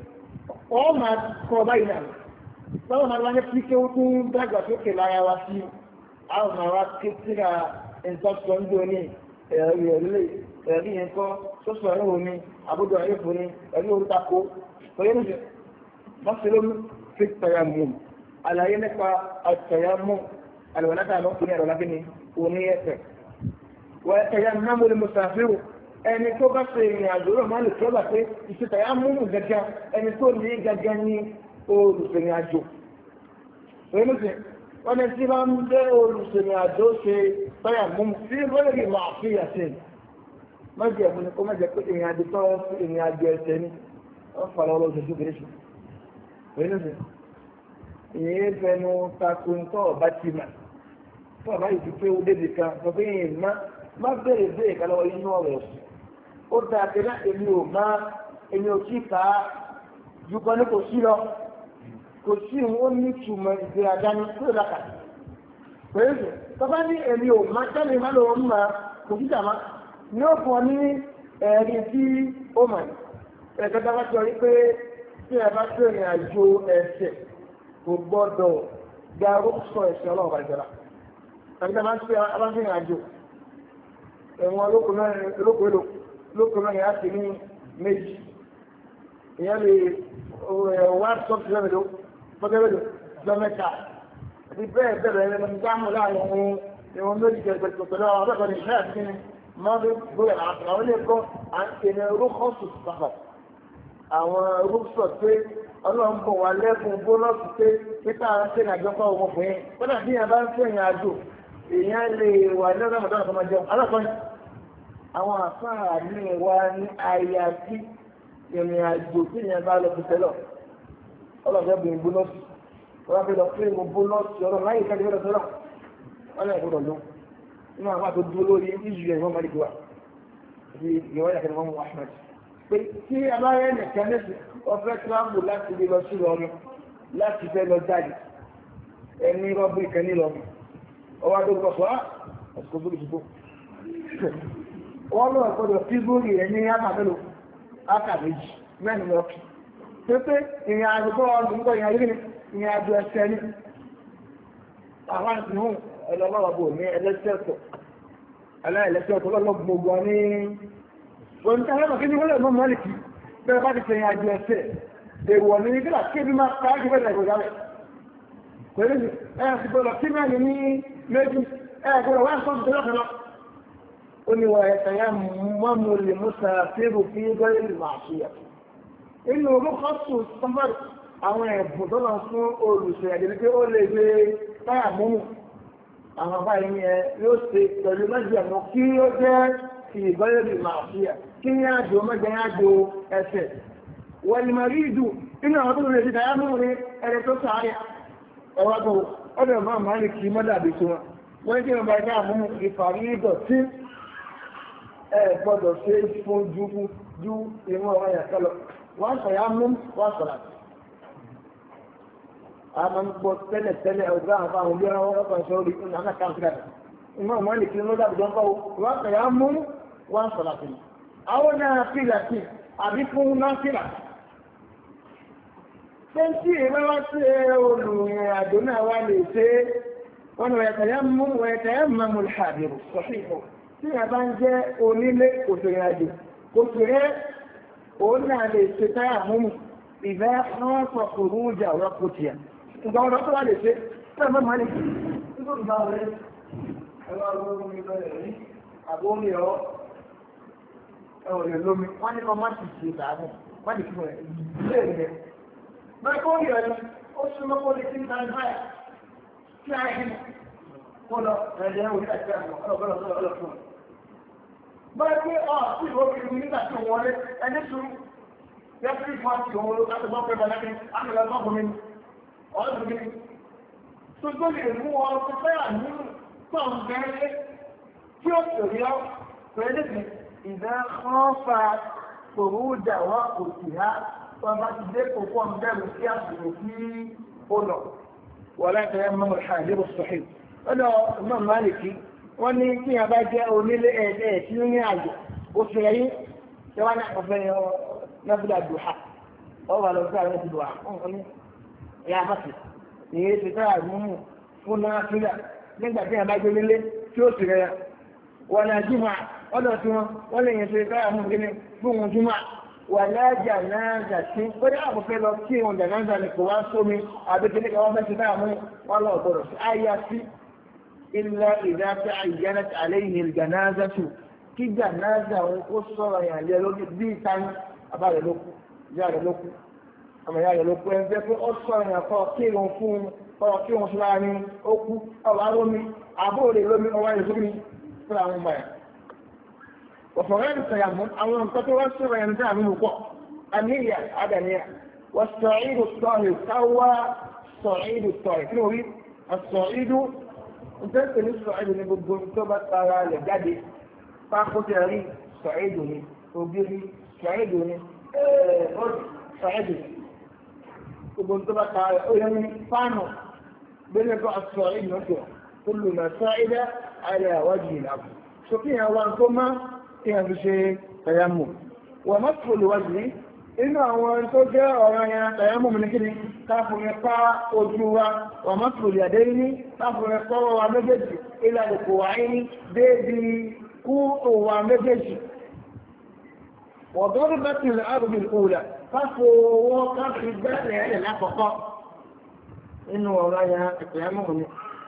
wọ́n máa kọ́ báyìí náà lọ́wọ́ máa wáyé tí kí ó tún dàgbà sókè lára wa sí a ò máa wá ké síra ìtọ́sọ ń dóní ẹ̀rí ẹ̀rí ẹ̀rí yẹn kọ́ ẹ̀rí ẹ̀rí ẹ̀rí kó fi tẹ̀yà mú àlàyé nípa àtẹ̀yà mú ẹ̀rọ lábẹ́ni òní ẹ̀fẹ̀ wọ́n ẹni tó bá ṣe ìrìn àjò náà máa lè tọ́ bà pé ìṣètò yà múlù gẹ́gẹ́ ẹni tó ní gẹ́gẹ́ ní olùsìnrìn àjò. Èmísìn, wọ́n ní tí máa ń gbé olùsìnrìn àjò ṣe tọ́yà múmu tí wọ́n lè máa fi àṣẹ. Mọ́jẹ̀ ẹ̀mú ni kó mọ́jẹ̀ pé ìrìn àjò tó ń fi ìrìn àjò ẹ̀sẹ̀ ni wọ́n fà lọ́wọ́ lóṣooṣù kérésì. Èmísìn, ìyẹn fẹnu takun tó ọba ti mà. Tó ọba ó da àtẹ̀lẹ́ èmi ò má èmi ò tí kà á jùkọ́ ní kò sí lọ kò sí ó ní ìtumọ̀ ìdè àdáni tó yẹ lákà pẹ̀lú tọ́ba ní èmi ò má tẹ́lẹ̀ má lọ́wọ́ mọ́ kò sí dàmá ní ó fún ọ ní ẹ̀rí tí ó mọ̀ ẹ̀kẹ́ dábàá tí ọ rí pé tí ẹ bá tó ìrìn àjò ẹ̀sẹ̀ kò gbọ́dọ̀ gba orúkọ ẹ̀sẹ̀ ọlọ́ọ̀bà ìjọba tàbí tí a bá àjò ẹ̀wọ̀n olókùn náà olókùn èlò lókun náà yàtì ní méjì ìyẹn lè wá sọ́ọ̀tì lẹ́mẹ̀ló fọ́tẹ́lẹ́lò lọ́mẹ́ta àti bẹ́ẹ̀ bẹ̀rẹ̀ ẹ̀rẹ́ ní dáàmú láàrin ohun ìwọ̀n méjì jẹ̀gbẹ̀tọ̀ pẹ̀lú àwọn akẹ́kọ̀ọ́ ní ìṣẹ́ àti kíni mọ́bí bóyá àwọn ilé ẹ̀kọ́ àti ẹ̀rẹ́ rúkọ́sù pàpà àwọn rúkọ́sù pé ọlọ́run bọ̀ wá lẹ́kùn bónọ́ọ̀sì pé àwọn àfáà ní ìwà ní àyà sí ìrìn àjò tí ìyẹn bá lọ fi tẹ́lọ̀ ọlọ́fẹ́ bìí búlọ́ọ̀sì ọlọ́fẹ́ fi lọ pé mo búlọ́ọ̀sì ọlọ́run láyé ìfẹ́ ìfẹ́ lọ́sọ́rọ̀ wọn náà gbọ́dọ̀ lọ nínú àwọn àti dúró lórí ìjù yẹn wọn mọ̀lẹ́kì wa ti ìwà ìyàkẹ́ ni wọ́n mú Ahmed pé tí abáyé nìkan nẹ́sì ọfẹ́ tíráàmù láti lè lọ sí lọ́run láti fẹ́ lọ jáde ẹni rọ́bì kan ní lọ́run ọwọ́ adókòkò sọ́ọ́ ah, àsìkò bó wọ́n lọ ọ̀pọ̀dọ̀ tí gbórí rẹ̀ ní ákàmẹ́lò ákàméjì mẹ́rin lọ́kì tó pé ìrìn àjò kọ́ ọdún kọ́ ìrìn àjò ìrìn àjò ẹsẹ̀ ní àwọn ìhùn ẹlọ́lọ́wọ́bò ní ẹlẹ́sẹ̀tọ̀ aláìlẹ́sẹ̀tọ̀ lọ́lọ́gbọ̀n gbọ́ ní oníkàlẹ́mọ̀ kí ní wọ́n lè mọ́ mọ́lìkì bẹ́ẹ̀ bá ti tẹ̀yìn àjò ẹsẹ̀ èèwọ̀ ní nígbà kébí máa pa ájú bẹ́ẹ̀ lẹ́gbẹ̀ẹ́ rẹ̀ ó ní wọ́n ẹ̀sẹ̀ yá wọ́n mú lè mú sàfihàn fi gbọ́dọ̀ lè máa ṣe yà. inú olùkọ́sù sọ́fẹ̀rì àwọn ẹ̀bùn tó lọ fún olùsèyàdé wípé ó lè gbé táyà múmù àwọn àbá yìí yẹn yóò ṣe pẹ̀lú mẹ́jọ mú kí ó jẹ́ ti ìgbọ́dọ̀ lè máa ṣe yà kí ní àjò mẹ́jọ yẹn àjò ẹsẹ̀. wọ́n ni màrí ìdù inú àwọn tó lè ṣe táyà múmù ni ẹni tó sàárẹ̀ ẹ̀wá tó ọ̀dọ̀ ẹ gbọ́dọ̀ ṣe é fún ju ju ìwọ̀n àwọn èèyàn kẹlọ wọ́n sọ ya mú wọ́n sọ̀rọ̀ àti. a máa ń gbọ́ tẹ́lẹ̀ tẹ́lẹ̀ ọ̀gá àwọn àwọn olóyè wọn wọ́n kàn sọ̀rọ̀ ìpínlẹ̀ àná kan síra rẹ̀ ìmọ̀ ìmọ̀ ní kiri lọ́dà àbùdó ńkọ́ wọ́n sọ ya mú wọ́n sọ̀rọ̀ àti. àwọn náà fi làtì tí a bá ń jẹ́ onílé òṣèrìn àjò kò sì rẹ́ òun náà lè ṣe táyà múmu ìfẹ́ wọn sọ kòrò ń jà ọ̀rọ̀ kò tìyà nǹkan ọ̀rọ̀ tó wà lè ṣe tí a bá máa lè ṣe tí kò bá rẹ̀ ẹ̀rọ agbóhùn mi bẹ̀rẹ̀ ní àgbóhùn ẹ̀rọ ẹ̀rọ lè lómi wọ́n ní kọ́ má sì ṣe ìdààmú má lè fún ẹ̀ ilé rẹ̀ bẹ́ẹ̀ kó yọ ẹ̀ ó súnmọ́ kó lè ti ń ta ẹ̀ báyìí kí a yẹ kó lọ ẹ̀jẹ̀ orí àti àgbọ̀ ọlọ́gbọ́n báyìí pé ọ̀ ah, sí ìwọ́kiri nígbà tí òun wọlé ẹni tún yẹ́pìrì fún àti òun ló káṣẹ́ gbọ́n pẹ́pẹ́ lẹ́kìn àmìlẹ́ gbọ́n fún mi ọ̀ọ́dún mi tó tó lè mú ọ tó fẹ́ àníyàn tó ń bẹ́ẹ̀lẹ́ tí ó tẹ̀lé ọ pẹ̀lú ìdá kan fa òru dàwọ́ òsì ha wọn bá ti dé kókó ń bẹ̀rù sí àbùrò sí ó lọ. wọ́n láti ẹ̀ mọ́ wọ́n ní kí yàn bá jẹ́ onílé ẹ̀ẹ́dẹ́ tí ó ní àjò oṣù ya tí wọ́n náà ọ̀fẹ́ nàbílà dùhà ọ̀wà lọ sí àwọn ìdùhà ọ̀hún ẹ̀yà àbàtì ìyẹn ti sára mímú fún náà sílẹ̀ nígbà tí yàn jẹ́ onílé tí ó sì rẹ̀ wọ́n náà jùmọ̀ ọ̀dọ̀ tí wọ́n wọ́n lè yẹn ti fún wọn jùmọ̀ wà lájà náà ó ní lọ kí wọn náà ilá ìdáfẹ́ àìyáná àléhìn gànáza tù kí gànáza òun kó sọ̀rọ̀ yàn lé lórí bí ìtàn bàbá rẹ̀ ló kú ìyá rẹ̀ ló kú ọmọ ìyá rẹ̀ ló kú ẹnfẹ́ pé ó sọ̀rọ̀ yàn kọ́ kí òun fún kọ́ kí òun fúnra ni ó kú ọ̀wá lómi àbó rẹ̀ lómi ọwá rẹ̀ sómi fúnra àwọn ọmọ yẹn. ọ̀fọ̀rẹ́ ń sọ̀yà mú àwọn nǹkan tó wá sọ̀rọ̀ yàn ní àmì púpọ̀ àníyà àdàníyà wọ́n sọ̀rọ̀ nítorí pé ní sọ̀rọ̀ ní gbogbo tó bá tara rẹ̀ jáde pákúté rí sọ̀rọ̀ ní ògiri sọ̀rọ̀ ní sọ̀rọ̀ gbogbo tó bá tara rẹ̀ ó yẹ ní fáànù gbẹ́lẹ́ tó sọ̀rọ̀ ní ọ̀tọ̀ tó lù náà sọ̀rọ̀ àrẹ àwájú ìlàbù sókè yẹn wá tó má kí yẹn fi ṣe tẹ̀yàmù wọ́n má tó lùwájú inú àwọn tó jẹ́ ọ̀rọ̀ yẹn tẹ̀yàmù mi ní kíni káfùnrin pa ojú wa ọmọ tòlì àdéhìn ní káfùnrin pọ́wọ́ wa méjèèjì ilẹ̀ àdìkò wà ní débi kú òwà méjèèjì wọ̀dọ́rù bẹ́tìlì àrùbí òòlà káfò owó káfì bẹ́ẹ̀lẹ̀ ẹ̀lẹ̀ lákọ̀ọ́kọ́ inú ọ̀rọ̀ ya ìpẹ́mọ̀ ni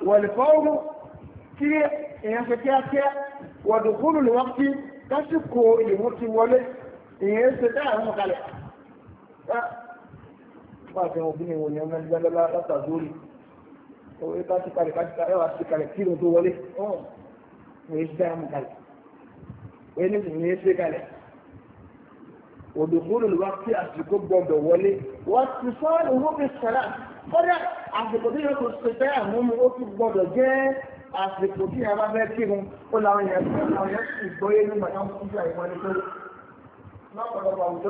wọ̀lùfọ́ọ̀rù tí èèyàn fi kíákíá wọ̀dùkúrù ni wọ́n fi kásìkò ìwọ́n ti wọlé èèyàn ṣe dáhùn kalẹ̀ wọ́n àti àwọn obìnrin wọ̀nyí ọmọ ẹgbẹ́ lọ́la látàdórí owó bá ti kalẹ̀ kájíkà ẹwà ti kalẹ̀ kí ló tó wọlé ọ̀hún mo yẹ ṣe àmú kalẹ̀ wọ́n ní mo yẹ ṣe kalẹ̀ òdòkúrò ló wá sí àsìkò gbọdọ̀ wọlé wọ́n ti fọ́ owó fi sọ̀rọ̀ kọ́dà àsìkò tí yóò ṣe fẹ́ àwọn ọmọ ó ti gbọdọ̀ jẹ́ àsìkò tí yàrá fẹ́ kírun ó làwọn yẹn àwọn yẹn sì gbọ́ yé nígbà náà fún ìgbà ìwọlé tó lọ́pọ̀lọpọ̀ àwùjọ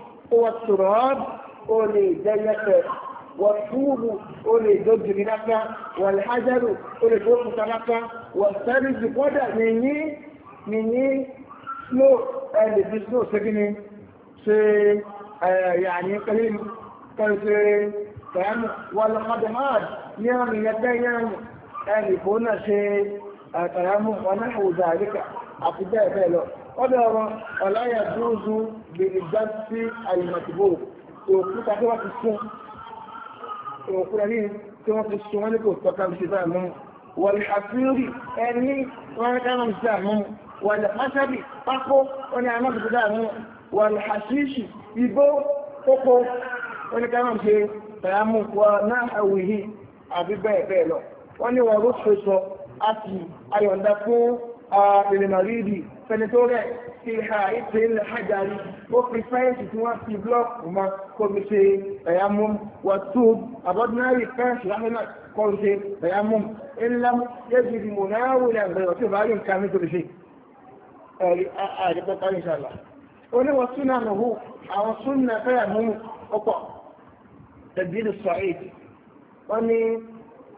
هو التراب أولي جيك والطوب أولي جد لك والحجر أولي جد لك والثلج قد مني مني سلو اللي في سلو سكني سي يعني قليل كان سي كان والقدمات يوم يدين اللي كنا سي كلام ونحو ذلك أقدام له قدر ولا يجوز bìrìjáǹtì àyùmọ̀tìbò òkúta tí wọ́n ti sún òkúta ní tí wọ́n ti sún wọ́n ní kò tọ́ka ní sísá mú wọ́n ní àfírí ẹni wọ́n ká ní sísá mú wọ́n ní àṣàbì pákó wọ́n ní àmọ́ tuntun dà mú wọ́n ní àṣìṣì ìbò kókó wọ́n ní ká ní ṣe tààmù wọ́n náà àwìhí àbí bẹ́ẹ̀ bẹ́ẹ̀ lọ wọ́n ní wọ́n rú sọ àti àyọ̀ǹda fún ìrìnàrídì fẹnitọ́rẹ̀ ti ha ìpè ńlẹ̀ hajjari ó fi fẹ́ǹsì tí wọ́n fi blọ́ọ̀kù mọ́ kó fi ṣe ẹ̀yàmú wà tó abọ́dúnárì fẹ́ǹsì lásánà kó fi ṣe ẹ̀yàmú ńlá yẹ́bi ìmọ̀ náà wò ní àgbẹ̀rẹ̀ tí ó bá rí nǹkan mi tó fi ṣe àdìpẹ́ta ìṣàlá oníwọ̀ súnà nùhù àwọn súnà fẹ́yà mú ọ̀pọ̀ tẹ̀bílù sọ̀rọ̀ wọ́n ní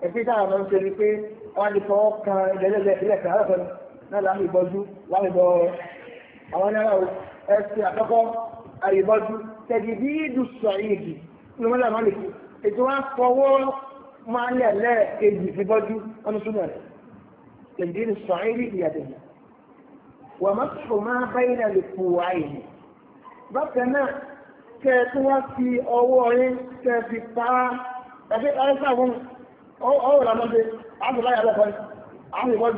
ẹ̀fíta àwọn ń ṣe ni pé wọ́n á lè fọwọ́ kan ilẹ̀ ilẹ̀ kan náà láàmì ìbọjú láàmì bọ àwọn náírà o ẹsẹ̀ àkọ́kọ́ àìbọjú tẹ̀gì bí ìdùsọ̀ ìyèjì ní ọmọdé àmọ́ lèkì ètò wọn fọwọ́ máa lẹ̀ lẹ́ẹ̀kejì fi bọ́jú wọn tún náà tẹ̀gì bí ìdùsọ̀ ìyèjì ìyàtọ̀ wà má sọ máa báyìí náà lè kú àìní bákan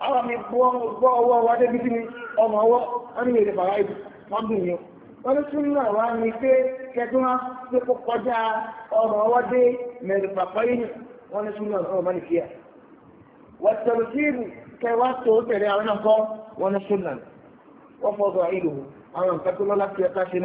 àwọn mi gbọ́ ọwọ́ wa débi kí ni ọmọ ọwọ́ wọn ní èrè bàrá ìbò wọn dùn yẹn wọ́n tún náà wá ní pé kẹ́gbọ́n pé kó kọjá ọmọ ọwọ́ dé mẹ́rin pàpọ̀ yìí wọ́n ní tún náà ọmọ ní kíá wọ́n tẹ̀lé síìlù kẹwàá tó tẹ̀lé àwọn náà wọ́n ní tún náà wọ́n fọ́dọ̀ ìlú àwọn nǹkan tó lọ́la ti ẹ̀ka ṣe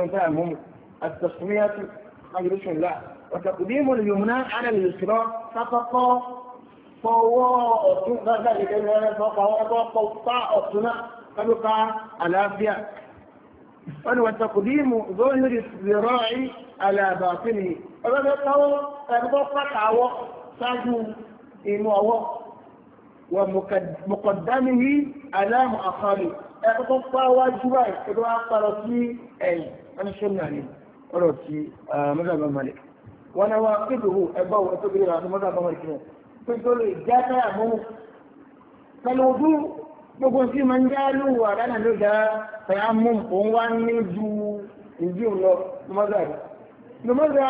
fọwọ́ ọ̀tún gbágbá ìgbẹ̀rẹ̀ rẹ̀ fọ́pàá ọgbọ́ pọ̀pá ọ̀tún náà kálùkà àlàáfíà wọ́n ni wọ́n takùdí mú zóhìrì zìrọ́ọ̀ì alàbàfínì ọgbẹ́ tọ́wọ́ ẹgbọ́ pàtàwọ́ ṣáájú inú ọwọ́ wọ mọ̀kọ̀dámihì aláàmù àkọlù ẹgbọ́ pàwájú báyìí ẹgbọ́ pàrọ̀ sí ẹ̀yìn wọ́n ni ṣọ́nà ni ọ̀rọ̀ ti ah, mọ́tàbà mọ́lẹ̀ wọ́n ni wọ́n kéde ẹgbọ́ ẹgbẹ́ pẹ̀lú ìjánáàmú pẹ̀lú ojú gbogbo tí ma ń já lúwà lánà ló dá fẹ̀yà mú òun wá ní ju ìdí lọ mọ́gàrí lọ́mọ́gà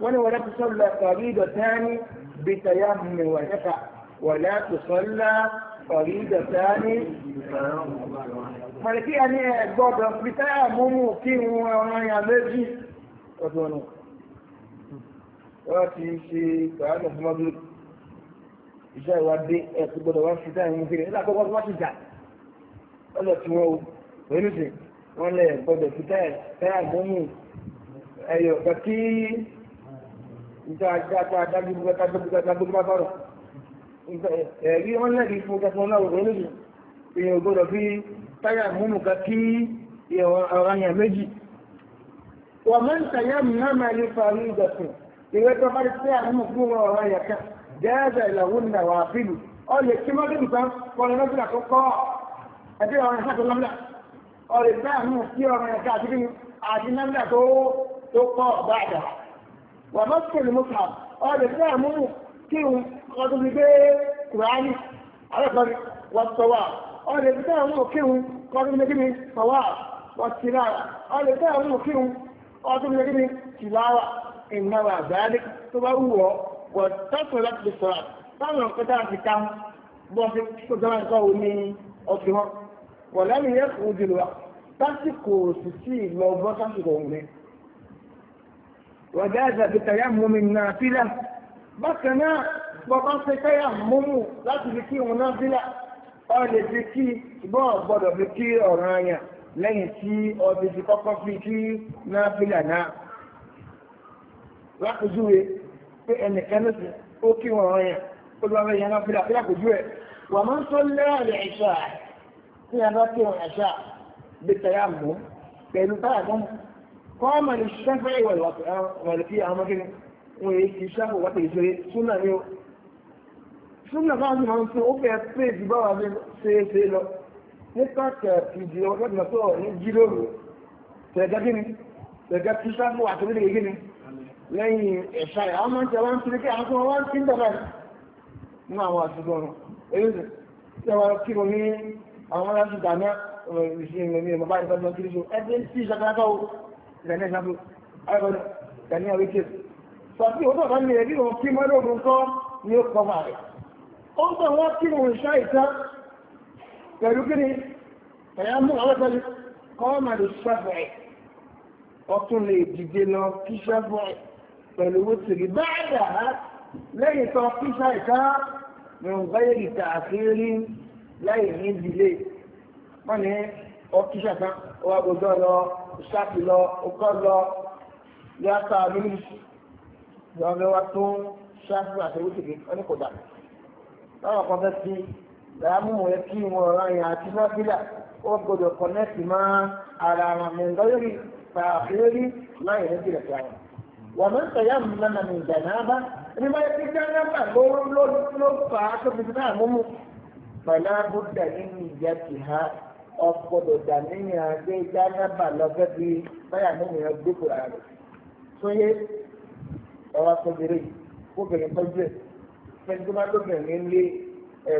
wọ́n ni wọ́n ti sọ́lá tàbí ìdọ̀tá ní bìtàyà mẹ́wàá ṣẹ́fà ولا تصلى فريدتان Mọ̀lẹ́kí a ní ẹgbọ́dọ̀ fi táyà mú mú kí wọn ọ̀rọ̀ ìyà méjì ọdún Wọ́n ti ṣe ìgbàlẹ̀ fún ìṣá ìwà dé ẹ̀sùn gbọ́dọ̀ wá sí táyà ń fèrè nígbà kọ́kọ́ wá sí jà ọlọ́ tí wọ́n wọ́n ní sè wọ́n lẹ̀ gbọ́dọ̀ sí táyà táyà gbọ́mù ẹ̀yọ̀ kan kí ìta àgbà dájú bùkátà bùkátà bùkátà bọ̀rọ̀ ẹ̀rí wọ́n lẹ́rìí fún kẹfọ́n náà wọ́n lóṣù èèyàn gbọ́dọ̀ fi táyà múnú kan kí ọ̀rọ̀ yẹn méjì wọ́n mọ́ ń tàyà mìíràn máa ní parí jẹ́ẹ̀bẹ̀ ìlàwó nà wà fílù ọ lè kí mọ́tò nìkan kọrin lọ́sílà kọ́ ẹbí ọrụ ẹ̀ká tó lọ́mílà ọ sí ọ̀rọ̀ ẹ̀ká àti àti lọ́mílà tó kọ́ bàdà wà wọ́n tọ́sùn láti fi sọ̀rọ̀ táwọn ọ̀pẹ́ táwọn ká bọ́ sí kó jọba ẹ̀kọ́ wo ní ọ̀fi wọn wọ́n lẹ́yìn yẹn kò jù lọ tásìkò sì sí ìlọ bọ́ tásìkò òun ni. wọ́n jẹ́ ẹ̀sẹ̀ fi tẹ̀yà múmi náà fílẹ̀ bákan náà bọ́bá ṣe tẹ̀yà múmu láti fi kí òun náà fílẹ̀ ọ lè fi kí ṣùgbọ́n ọ̀gbọ́dọ̀ fi kí ọ̀ràn àyàn lẹ́yìn tí ọ̀bì ti kọ́kọ́ fi kí náà fílẹ̀ náà. lápòjúwe pé ẹnìkan ló sì ó kí wọn ọ̀rọ̀ yẹn olùwàwẹ̀ yẹn náà fílà fílà kò jú ẹ̀ wà máa ń sọ lẹ́rẹ̀ ẹ̀ṣà tí a bá kí wọn ẹ̀ṣà bí tẹ̀yà mú pẹ̀lú táyà kan kọ́ ọmọ ní ṣẹ́fẹ́ ìwọ̀lẹ̀ kí àwọn ọmọkiri wọn èyí ti ṣẹ́fẹ́ wọ́pẹ̀ ìṣeré súnà ní o súnà bá ti máa ń fún ó fẹ́ pé ju báwa fi ṣe lọ ní pàtàkì ìdí ọlọ́dún ní jíròrò tẹ̀gá kí ni tẹ̀gá tí ṣẹ́fẹ́ wà lẹ́yìn ẹ̀ṣà àwọn máa ń tẹ wọ́n kiri kí àwọn wọ́n ti ń dọ̀bẹ̀ ní àwọn àtúgbọ̀rùn èyí tí wọ́n kí wọn ní àwọn ará ti dáná ìṣẹ́ ìrìn ní ọmọ báyìí tọ́jú kiri ṣe ẹgbẹ́ tí ìṣàkàkà ó ìrẹ̀lẹ́ ìṣàkó ayọ̀kọ̀dọ̀ ìrẹ̀lẹ́ àwọn ìṣẹ́ sọ̀tí ó tọ̀ ní ẹbí wọn kí mọ́lẹ́ ogun kọ́ ní ó kọ́ fà rẹ̀ ó ń tọ̀ wọ́n kí wọn lè dìde lọ kí ṣàfẹ́ pẹ̀lú wítìrì báàdà lẹ́yìn tó píṣà ìta mìíràn ìta àfihàn lẹ́yìn ní ìdílé wọ́n ní ọ píṣà kan ó wá gbogbo lọ ṣáàpì lọ ọkọ lọ yàtọ̀ àbúrú ìjọba lọ́wọ́ tó ṣáàpì àti wítìrì oníkòdà báwọn kan fẹ́ sí làámú yẹ kí wọn ọ̀ràn yẹn àti nọ́bílà ó gbọdọ̀ kọ̀nẹ́tì mọ́ ara wọn mìíràn lórí pàápàá lórí láyé ní ìdílé wà máa ń tẹ̀yà mọ́nà ní ìjànàbá ní bá yẹ jànàbá ló ló ló fà á tó fi náà mú mu. pẹ̀lú abúdà nínú ìjà ti ha ọ̀pọ̀dọ̀ dàníyàn àgbẹ̀ jànàbá lọ́fẹ́ bí báyà nínú ìyẹn gbogbo rà rẹ̀. sóyè ọ̀rọ̀ akọ̀bìnrin kóbìnrin tọ́jú ẹ̀ fẹ́ni tó bá tó lọ́tọ́jú ẹ̀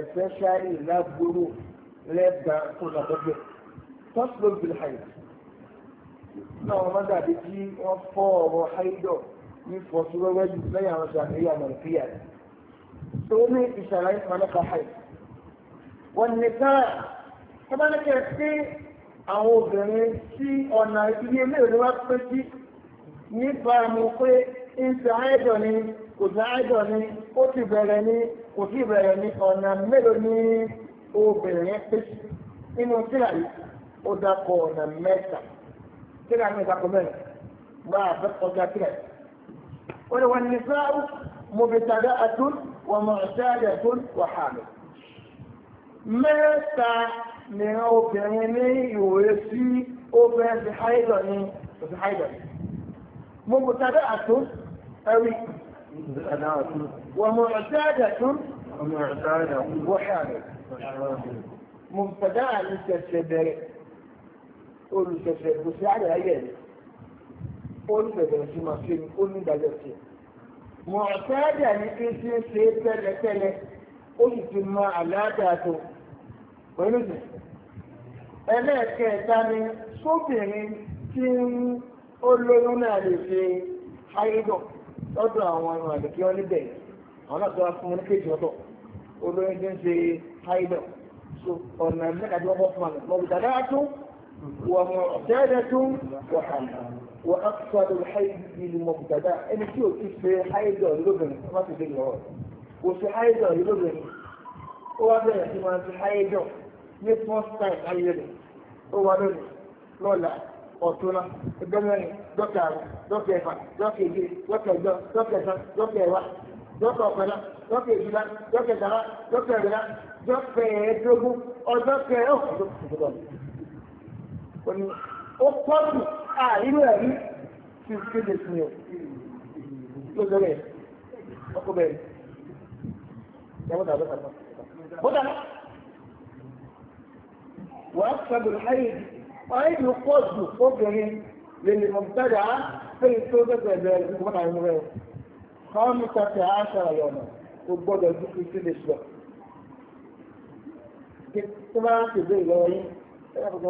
tọ́sí ló náà wọ́n máa dàbí kí wọ́n fọ́ ọ̀rọ̀ haidọ̀ ní fọ́síwẹ́wẹ́ jù lẹ́yìn àwọn ṣàfihàn àmàlùfíà rẹ̀. tó ní ìṣàlá ìfọ̀nàkà haid. wọ́n ní sáà tọ́bánikẹ́ pé àwọn obìnrin sí ọ̀nà ilé mẹ́rin ni wọ́n pẹ́ sí níbàámu pé ń ṣe haidọ̀ ni kò sí haidọ̀ ni ó ti bẹ̀rẹ̀ ni kò sí bẹ̀rẹ̀ ni ọ̀nà mélòó ni obìnrin pẹ́ sí nínú sílà yìí ó dákọ̀ ọ̀nà mẹ́ta tíra ní ìgbà kọ́mẹ́ máa fẹ́ kọjá tíra. ó ní wọn ní sáà mo fi tàdá àtún wọn mọ̀ ṣáàdì àtún wà hàmì. mẹ́ta ni obìnrin ní ìwòye sí obìnrin ti háìdọ̀ ní ti háìdọ̀ mo fi tàdá àtún ẹ̀rí. wọ́n mọ̀ ṣáàdì àtún wà hàmì. mo fi tàdá àtún ṣẹ̀ṣẹ̀ bẹ̀rẹ̀ olùsẹ̀sẹ̀ kò sí àrẹ ayẹ̀ rẹ̀ olùsẹ̀sẹ̀ sí máa ṣe ni ó ní ìdájọ́ sí ẹ̀. mọ̀ọ́tẹ́ẹ̀dẹ̀ ní kí ṣe é ṣe tẹ́lẹ̀tẹ́lẹ̀ ó sì ti mọ àlàáfíà tó pẹ̀lú ìsìn. ẹlẹ́ẹ̀kẹta ni sóbìnrin tí ó lóyún náà lè ṣe ayédọ̀ lọ́dọ̀ àwọn ọmọ àdìkí wọn níbẹ̀ àwọn náà tó wá fún wọn ní kéjì ọ̀tọ̀ olóyún tí ń ṣe ayédọ̀ ọ̀nà mẹ́ta tí wọ́n bọ́ fún wọn lọ́wọ́ ìtàdáyà tó ومعتادة وحمل وأقصد الحيض للمبتدع أنا شو في حيض لبن ما في بالنهار وش حيض لبن وهذا يحتمل في حيض ní first time ayé rẹ̀ ó wà lónìí lọ́la ọ̀túnla ẹgbẹ́mẹ́rin dọ́kà àrùn dọ́kà ẹ̀fà dọ́kà èdè dọ́kà ẹ̀jọ dọ́kà ẹ̀sán dọ́kà ẹ̀wà dọ́kà ọ̀pẹ̀lá dọ́kà èjìlá dọ́kà ẹ̀dàlá dọ́kà ẹ̀rẹ̀lá dọ́kà ẹ̀ẹ́dógún ọ̀dọ́kà ẹ̀ ó ní ó pọ̀ jù àìrú ẹ̀rí tí kéde sí o ló jẹ́ bẹ́ẹ̀ ọkọ bẹ́ẹ̀ yàwó dàbẹ́ kàtà ó dà wà á sábẹ̀rẹ̀ ayé ayé pọ̀ jù obìnrin lè lè mọ̀ bẹ́ẹ̀ dà fẹ́yìn tó bẹ́ẹ̀ bẹ́ẹ̀ lè mọ̀ náà rẹ̀ kọ́ mi á sọ̀rọ̀ gbọ́dọ̀ ju kí kéde sí o. Tí wọ́n á ti bẹ́ẹ̀ lọ́wọ́ yín, ẹ̀rọ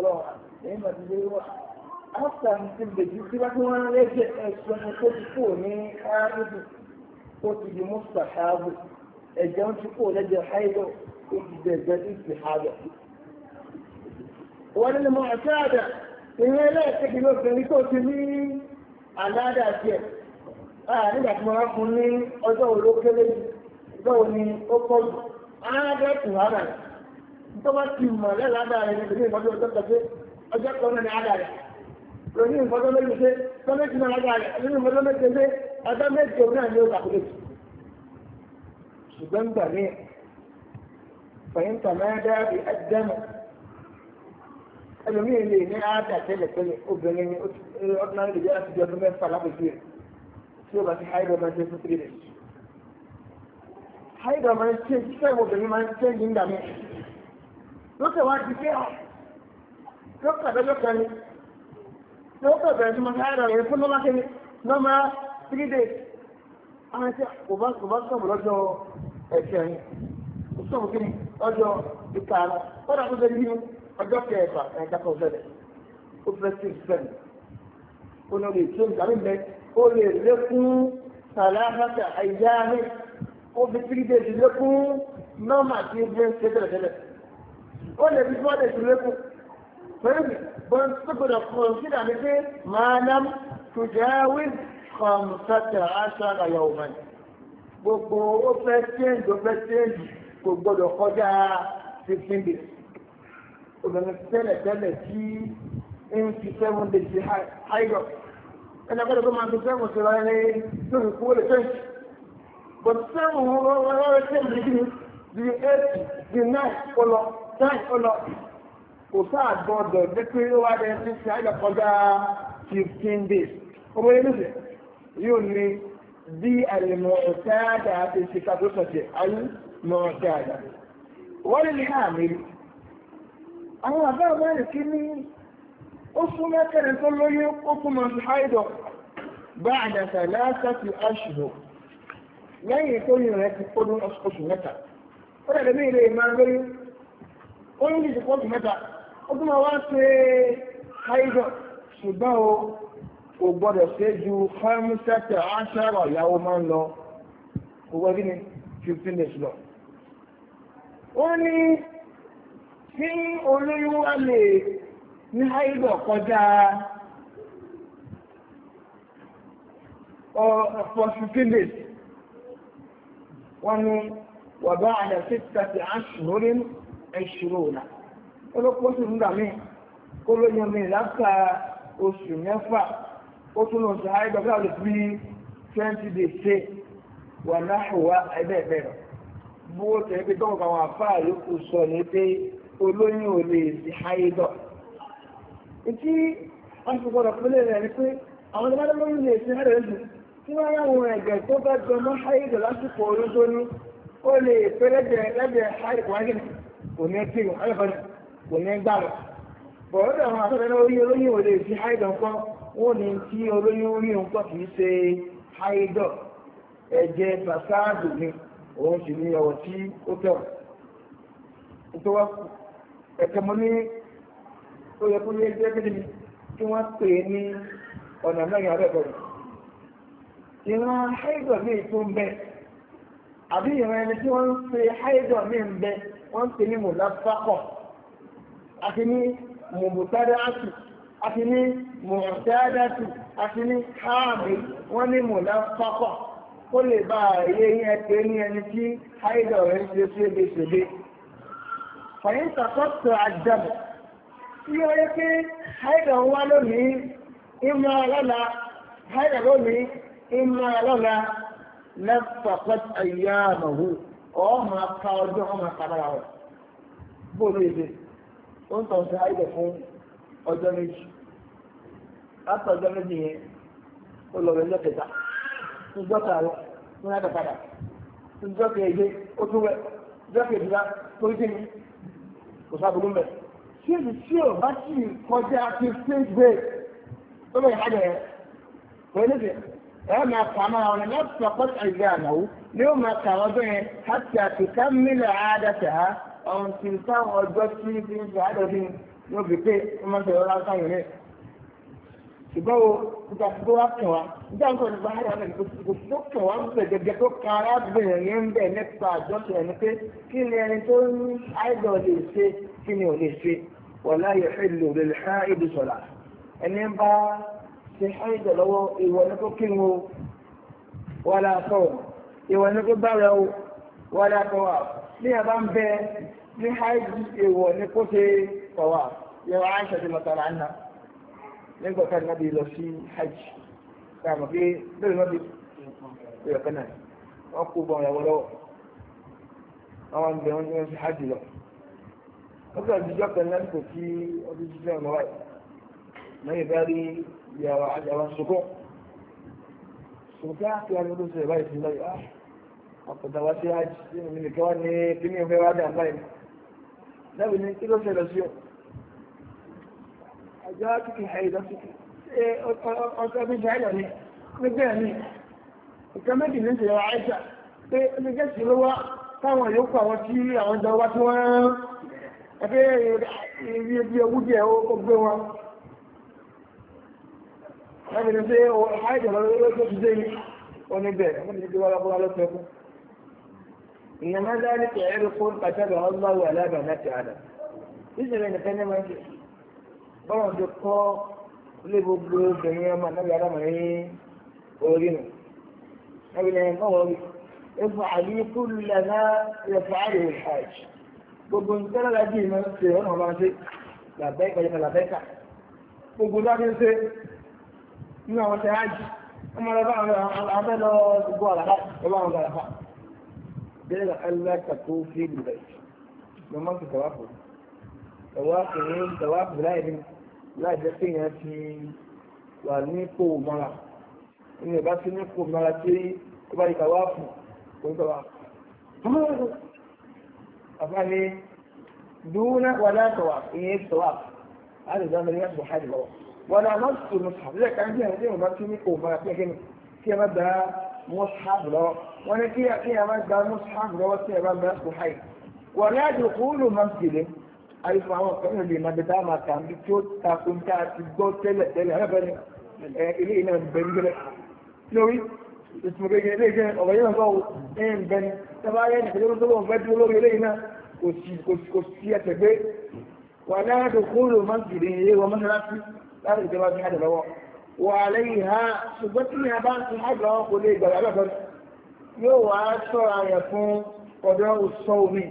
lẹ́yìn ìgbà tí ó wà áfà ti gbèjú tí wọ́n ti wọ́n lẹ́jẹ̀ ẹ̀sùn ní tó ti kúrò ní áàrùbù ó ti di mùsàkáàbù ẹ̀jẹ̀ ń ti kúrò lẹ́jẹ̀ háìlọ̀ ó ti di ẹ̀jẹ̀ ìsìháàbù. wọ́n ní mo àti àdà ìyẹn lẹ́ẹ̀kejì lóbìnrin tó ti ní àládà tiẹ̀ nígbà tí wọ́n fún ní ọjọ́ olókélé ọjọ́ òní ó pọ̀ jù áádẹ́tù hàrà tó ti mọ̀ lẹ́ládà ọjọ́ kan náà ní àdàrẹ̀ lórí ìfọdọ́ méjì ṣe tọ́mẹ́tì náà àdàrẹ̀ lórí ìfọdọ́ méjì ṣe ọjọ́ méjì òun náà ní ó kàkúrò jù ṣùgbọ́n gbà ní fẹ̀yìntà máa dá bí ẹgbẹ́mọ̀ ẹlòmíì lè ní àádà tẹ́lẹ̀ tẹ́lẹ̀ obìnrin ní ordinary lè jẹ́ láti di ọdún mẹ́fà lábẹ́jú rẹ̀ tí ó bá ti háìdọ̀ ṣe fún three days. yóò kàbẹ́ lọ́kàn ni yóò kàbẹ́ ní máa ṣáyà rẹ̀ fún lọ́mọ kẹ́ni lọ́mọ three days àwọn ẹ̀ṣẹ́ kò bá kò bá sọ̀rọ̀ lọ́jọ́ ẹ̀ṣẹ̀ yẹn kò sọ̀rọ̀ kí ni ọjọ́ ìka ara wọ́n dà tó fẹ́ ní ọjọ́ kẹfà ẹ̀ka kan fẹ́ ó fẹ́ sí ìfẹ́ mi ó lọ lè tó ìgbàlú mẹ́ ó lè lékún sàlámàtà àyíyá days pẹ̀lú bọ́n tó gbọdọ̀ fún ọ sí ìdàmí pé máa lám tùjáwé kọ̀mùsátà aṣọ àyà òmà gbogbo ó fẹ́ ṣéǹdì ó fẹ́ ṣéǹdì kò gbọdọ̀ kọjá fifteen days obìnrin tẹ́lẹ̀ tẹ́lẹ̀ tí ń fi seven days sí haidọ̀ ẹni akọ́dọ̀ tó máa fi seven sí wáyé tó fi kú ó lè ṣéǹdì but seven wọ́n wọ́n wọ́n ṣéǹdì bíi eight bíi nine ó lọ ten ó lọ. kò sáà gbọdọ̀ ó wá dẹ ní ṣe kọjá days owó yẹn lóṣẹ̀ yóò ní bí àlèmọ̀ ọ̀táàdà àti ìṣèkà tó sọ̀tẹ̀ àlèmọ̀ ọ̀táàdà wọ́n lè àmì àwọn àbá àbáyé kí ní ó fún mẹ́kẹ̀rẹ̀ tó lóyún ó fún mọ̀ sí haidọ̀ bá àdàtà láàkàtì aṣùrò lẹ́yìn tó yìn rẹ̀ ti kódún oṣù mẹ́ta ó dàbí ilé ìmọ̀ ó mẹ́ta ọdún ma wá ṣe haidọ̀ ṣùgbọ́n o kò gbọ́dọ̀ ṣe ju fámísẹ́tẹ̀ aṣáàrọ̀ ìyàwó máa ń lọ owó ẹbí ni fifteen days lọ. ó ní tí olóyún wá lè ní haidọ̀ kọjá for fifteen days wọ́n ní wàbá àdàsí tàbí náà. olókòóṣù nígbà míì kó ló yan mi láta oṣù mẹ́fà ó tún lọ sí àìdọ́ bí àwọn twenty ṣe wà náà wá rẹ̀ bó tẹ̀ pé tọ́wọ́ kan sọ ní pé olóyún ò lè sí àìdọ́ ìtí wọ́n ti gbọ́dọ̀ rẹ̀ ni pé àwọn ọmọdé lóyún lè sí tí wọ́n ẹ̀gẹ̀ tó bá jọ mọ́ lásìkò orí tó ní ó lè kò ní kò ní gbà lọ. bọ̀dọ̀ àwọn àtọ́lẹ́lẹ́ orí olóyún ò lè fi háìdọ̀ ńkọ́ wọ́n ní tí olóyún ńkọ́ kì í ṣe háìdọ̀ ẹ̀jẹ̀ ni òun sì ní ọ̀wọ̀ tí ó tọ̀. ìtọ́wọ́ ẹ̀kẹ́ mo ní ó yẹ kó yẹ jẹ́ kí ni kí wọ́n pè é ní ọ̀nà mẹ́rin abẹ́bọ̀rọ̀. ìran háìdọ̀ ní ètò àti ní mùbùtádàtù àti ní mùtádàtù àti ní káàmì wọ́n ní mùláfákọ̀ ó lè bá ayé yẹn pé ní ẹni tí haidọ̀ rẹ̀ ń ṣe ṣégeṣège fàyíǹtà kọ́tù àjẹmù tí ó yẹ pé haidọ̀ ń wá lónìí ìmọ̀ ọlọ́la haidọ̀ lónìí ìmọ̀ ọlọ́la lẹ́fàkọ́t ayé àmọ̀hù ọ̀ọ́ máa ọmọ kábàrà rẹ̀ bó ló yẹ ó ń tàn sí àìdẹ̀ fún ọjọ́ méjì láti ọjọ́ méjì yẹn ó lọ rẹ̀ lọ́kẹta níjọ́ kàárọ̀ ní láti padà níjọ́ kẹ̀ẹ́dẹ́ ó tún wẹ̀ níjọ́ kẹ̀ẹ́dẹ́ra torí kí ni kò sábúrú mẹ́. ṣé èyí tí ò bá sì kọjá ti stage break tó bẹ̀rẹ̀ hàn yẹn kò ní bẹ̀ ẹ máa kà máa wọn láti sọ pọ́t àìgbé ànáwó ni ó máa kà wọ́n bẹ́ẹ̀ hàtì àtìká mílẹ̀ àádọ́ta àwọn tí táwọn ọjọ́ tí fi ń ṣe àdọ̀bí ní òbí pé wọ́n máa ń bẹ̀rẹ̀ ọlá sáyẹn rẹ̀. ṣùgbọ́n o nígbà tó wá kàn wá nígbà tó nípa ara rẹ̀ kò tó kàn wá bẹ̀ gẹ́gẹ́ tó kan arábìnrin yẹn ń bẹ̀ nípa àjọṣe ẹni pé kí ni ẹni tó ń àìdọ̀ lè ṣe kí ni ò lè ṣe wọ̀lá yẹ fẹ́ lò lè bá ṣe àìdọ̀ lọ́wọ́ ìwọ ni kó kí ní ẹ̀bá ń bẹ ní haiji èwọ̀ ní kó ṣe kọ̀wà yẹwà aṣọ ti mọ̀tàrà àná nígbàtà ní láti lọ sí haiji káàmù pé lórí náà bí ẹ̀yọ̀ kan wọ́n kó bọ̀ ìyàwó lọ́wọ́ àwọn ń bẹ wọ́n ń sí lọ. ó sọ tí ọdún ṣiṣẹ́ ọ̀nà wáyé bá rí á ọ̀pọ̀dà wá sí hajj nínú mi nìkan wá ní kíní ìfẹ́ wá dà báyìí lẹ́bi ní kí ló ṣẹlẹ̀ sí o àjọ àtúkì àìdá síkì ṣe ọ̀sẹ̀ bí ṣe àìdá ni nígbà ní ìkan méjì ní ṣe àìsà pé ní gẹ̀ẹ́sì ló wá táwọn yòókù àwọn tí àwọn jọ wá tí wọ́n ẹgbẹ́ ìrírí bí owó díẹ̀ ó gbé wọn lẹ́bi ní ṣe àìdá lọ́wọ́ ló ti dé ní oníbẹ̀rẹ̀ wọ́n ti gbé wọn lọ́kọ́ lọ́kọ́ إنما ذلك عرق كتبه الله على بنات آدم إذا لم يكن ما bọ́lá ti kọ́ ilé gbogbo obìnrin ọmọ náà yàrá mọ̀ ní orí nù. Ẹbí ni ẹ̀kọ́ wọ̀ rí. Efu àdínkù lẹ́nà ẹ̀fọ́ àrò ìhàj. Gbogbo nǹkan lára bí ìmọ̀ ń ṣe ọ̀nà ọ̀la ṣe làbẹ́ ìpàdé làbẹ́kà. Gbogbo dábí ń ṣe nínú àwọn ṣe hajj. Ọmọ rẹ̀ bá àwọn abẹ́ lọ gbogbo àlàkà, ọba àwọn àlàkà. غير أن لا تطوفي بالبيت وما في توافل توافل توافل لا يبين لا يبين في ونيكو مرة إني بس نيكو مرة تي كبار توافل كل توافل أفعلي دون ولا توافل إيه توافل هذا زمن يحب حاجة ولا نص المصحف إذا كان فيها هذه وما في نيكو مرة فيها كلمة فيها مبدأ مصحف لو وانا كي اعطيها مادة مصحف لو اعطيها مادة بحي ولا دخول ممثلة اي فهو قلنا لي مادة ما كان بيتوت تاكم تاكم تاكم تاكم إيه، تاكم تاكم إلينا بنجلة إيه؟ نوي اسمه إيه، بنجلة يعني ليش أنا أبغى ينفعوا إيه بن تبا يعني كده لو تبغى بدي ولو إلينا كوسي كوسي كوسي أتبع ولا دخول منزلي هو من راسي لا يجوا في هذا الوقت wàléyìnhá ṣùgbọ́n tí yẹn bá ń sin àgbà wọn kò lè gbàgbà lọ́dọ̀ yóò wá ṣọ́ra yẹn fún ọ̀dọ́ òṣọ omi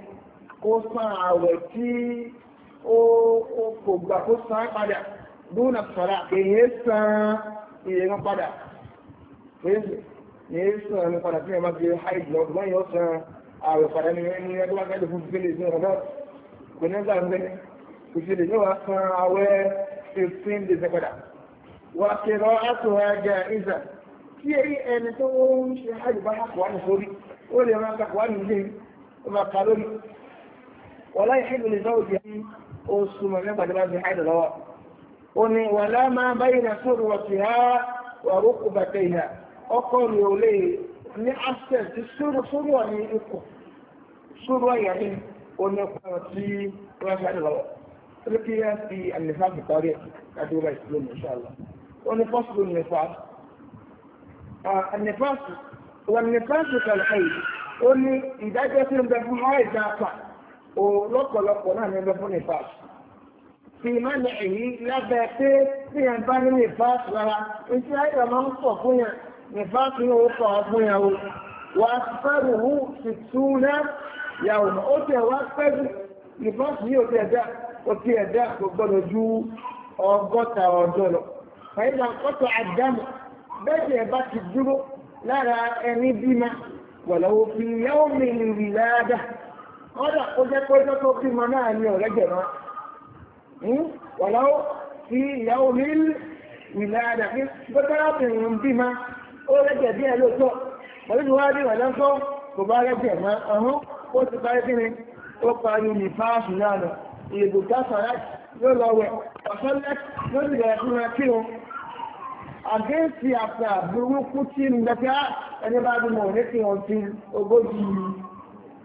kó san àwẹ̀ tí ó kò gbà kó san padà dúnà sọ̀rọ̀ èyí san ìyẹn padà èyí san ẹni padà tí yẹn bá fi háì jù ọdún lẹ́yìn ó san àwẹ̀ padà ní days padà wà kẹrọ àtọ̀ ajá ìzà tí èyí ẹni tó ń ṣe hajj bá kàkọ́ àmì sórí ó lè máa kàkọ́ àmì ilé ó máa kà lórí wọlá ìṣẹ́gun lè náà jẹ́ oṣù mọ̀ nípa tí wọ́n fi hajj lọ́wọ́ ó ní wàlá máa báyìí na sóòrò wọ̀ sí ha wà rúkú bàtẹ́ ìhà ọkọ̀ rẹ̀ ò lè ní access sí sóòrò sóòrò wà ní ikọ̀ sóòrò àyà ní onípa tí wọ́n fi hajj lọ́wọ́. Turkiya fi annifa fi tare duba Islam insha Allah. ونفصل النفاق آه النفاق والنفاق كالحيض قولي إذا جاءت لهم بفهم عايز أعطى ولقوا لقوا لهم بفهم نفاق في منعه لا بأتي في أنبان نفاق لها إنت هاي ما نصف هنا نفاق نوقف هنا وأكثره ستون يوم أوتي وأكثر نفاق هي أوتي أداء أوتي أداء gbọdọ̀ ju ọgọ́ta ọjọ́ lọ fàyílà kọ́tọ̀ àdámù bẹ́ẹ̀ ẹ̀ bá ti dúró lára ẹni bímọ wọ̀lọ́wọ́ fi yẹ́wò mi rì láàdá kọ́dà ó jẹ́ pé ọjọ́ tó bímọ náà ni ọ̀rẹ́ jẹ̀mọ́ wọ̀lọ́wọ́ fi yẹ́wò mi rì láàdá kí gbọ́dọ̀ obìnrin bímọ ó rẹ́jẹ̀ bí ẹ lóòótọ́ pẹ̀lú wá rí wà lọ́sọ́ kò bá rẹ́jẹ̀ mọ́ ọ̀hún ó ti parí kí ni ó parí ní fáàsì náà lọ ìbùdó sọ̀rọ̀ yóò lọ wẹ̀ ọ̀sán lẹ́t àgẹ́sì àti àbúrúkú tí ń gbẹ́ pé á ah, ẹni bá bí mọ̀ ní kí wọ́n ti ogójì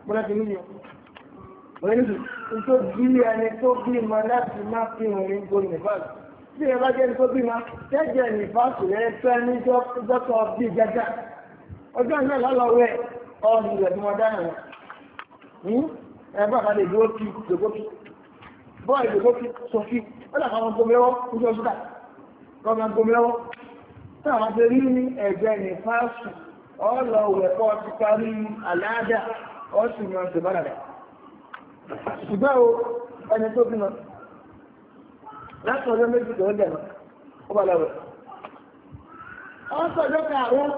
mọ́lẹ́tì níyọ. Òyìnbí tó bí ẹni tó bí ma láti má fi hàn ní gbogbo nìfàsì. Bí ẹ bá jẹ́ ẹni tó bí ma, jẹ́jẹ́ nìfàsì rẹ̀ fẹ́ ní dọ́tọ̀ bí jẹjẹ. Ọjọ́ náà lọ́lọ́wọ́ ẹ̀ ọ̀rùn rẹ̀ bí wọ́n dáná rẹ̀. Hmm? Ẹ bá bá lè dúró kí dògókì. Bọ́ọ̀ ìdògókì sọ kí, ó dàgbà wọn táwọn máa fi rí ní ẹ̀jẹ̀ ní fáṣù ọlọ wẹ̀kọ́ ti parí àláàdà ọ̀sùn máa ń tẹ̀bára rẹ̀ ṣùgbọ́n o ẹni tó bímọ láti ọjọ́ méjì tó ń dẹ̀ mọ́ ó bá lọ́wọ́ ọ̀sọ̀ ọjọ́ kààrún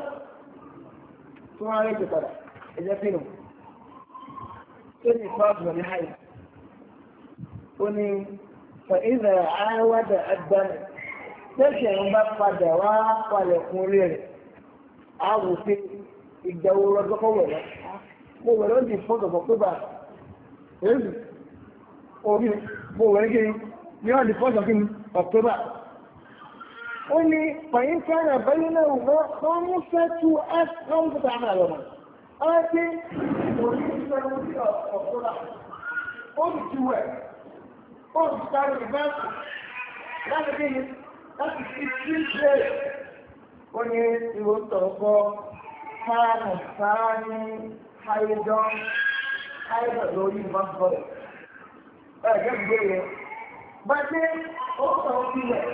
tó wọ́n rẹ̀ ti padà ẹ̀jẹ̀ fínú tó ní fáṣù ní háyà ó ní fa ìlà àwádà àgbàmù tẹ́sẹ̀ ń bá padà wá palẹ̀ kún orí rẹ̀ á wò pé ìgbà wo lọ́jọ́ kọ́ wẹ̀rẹ́ mo wẹ̀rẹ́ ó di fọ́tò fọ́ pé bá èyí orí mo wẹ̀rẹ́ kí ni wọ́n di fọ́tò kí ni ọ̀pẹ́bà ó ní pàyínkánà báyìí náà wọ́n wọ́n mú fẹ́ tú ẹ́ wọ́n mú fẹ́ tá àmàlà lọ́wọ́ ọ́n ti òní ìfẹ́ mú sí ọ̀pẹ́bà ó ti tú ẹ̀ ó ti sáré ìgbà láti bí láti fi ṣíṣe ó ní ìwòsàn ọkọ fáàmù sáání àìdán àìdán lórí ìbáfọ́ ẹ̀jẹ̀ gbére bá dé ó sọ sílẹ̀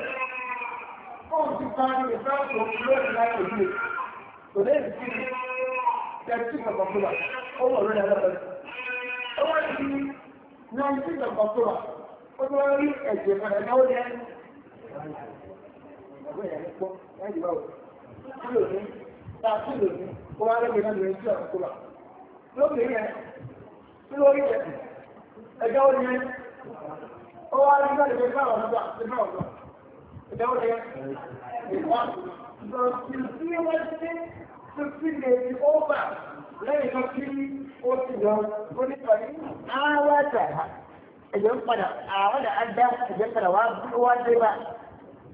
ó ti parí ìfẹ́ǹsọ̀ lórí láti òye kò lè sí thirteen of October ó wọ̀ lórí ẹlẹ́pẹ̀lẹ́ ó wá di nineteen of October ó ti wá rí ẹ̀jẹ̀ fẹ̀rẹ̀ náà ó yẹ ìwé yẹn ní pọ́ láti báwò kí ló ní ta kí ló ní kó wá lẹ́gbẹ̀ẹ́ náà lórí sí ọ̀rọ̀ kó bá lókè yẹn kí ló rí yẹn ẹ̀jẹ̀ ó yẹn ó wá rí náà lè bá wọn lọ́gbà lè bá wọn lọ ẹ̀jẹ̀ ó yẹn ìwà ìgbọ̀nsìn wọ́n ti tó ti lè fi ó bà lẹ́yìn tó kí ó ti lọ ó ní pàdé àwọn àtàrà ẹ̀jẹ̀ ń padà àwọn àdá ẹ̀jẹ̀ ń padà wá wá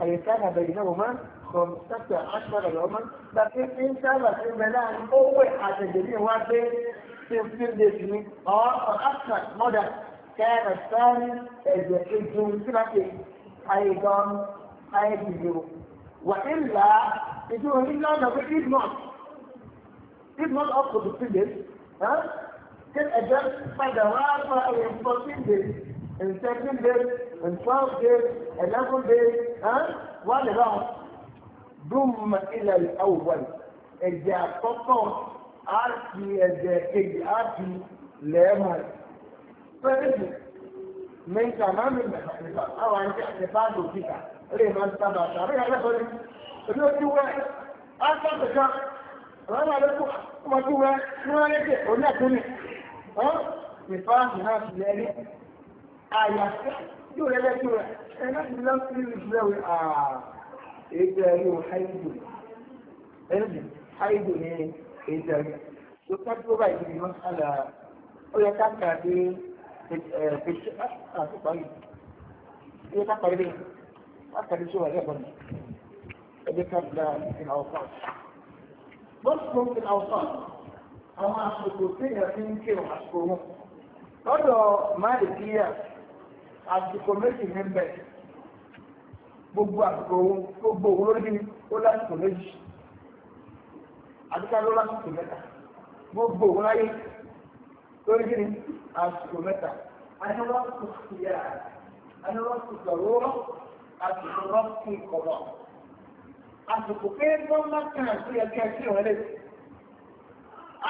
فيكان بينهما خمسة عشر يوما لكن إن شاء الله في بلان أول حاجة جديدة واحدة fifteen days ni or for action more than كان الثاني الجنسي لكن أيضا أيضا وإلا يجوه إلا لو إيد month إيد month up to fifteen days ها كان أجل بعد واحد 14 days in seven days, in twelve days, eleven days, huh? one round. Dùm ilẹ̀ ìwọ̀n ẹ̀jẹ̀ àkọ́kọ́ á fi ẹ̀jẹ̀ kejì á fi lẹ́ẹ̀mọ̀. Fẹ́rẹ́sì mi kà máa mi mẹ̀fà nípa àwọn àti àtẹ̀fà lòkìkà lè máa ń sábà sàrí àlẹ́kọ̀ọ́ ni. Èmi ò ti wẹ́ á sábà kan. Àwọn àlẹ́kọ̀ọ́ ọmọ tó wẹ́ ní wọ́n lé àyà yóò rẹ̀ lẹ́tí rẹ̀ ẹ̀ láti bí láti rí ìṣẹ́ wẹ̀ àà èdè ẹ̀rí o háìdù ẹ̀rí háìdù ní èdè ẹ̀rí tó tọ́jú ó báyìí ní mọ́sálà ó yẹ ká kà dé pèsè àtúpà yìí ó yẹ ká parí lẹ́yìn lákàdé sí wàlẹ́ ẹ̀bọ̀n ẹ̀dẹ́ àwọn àsìkò tí èèyàn fi ń kírun àsìkò wọn lọ́dọ̀ máàlì kíyà àsìkò méjì ní bẹ̀ gbogbo àsìkò gbogbo olórí ó lásìkò méjì àdúgbò ló lásìkò mẹ́ta gbogbo òun láyé lórí kí ni àsìkò mẹ́ta anúrọ́pù síyà anúrọ́pù sọ̀rọ̀ àsìkò rọ́pù ìkọ̀rọ̀ àsìkò pé nọ́mbà kan sí ẹgbẹ́ sí ọ̀rẹ́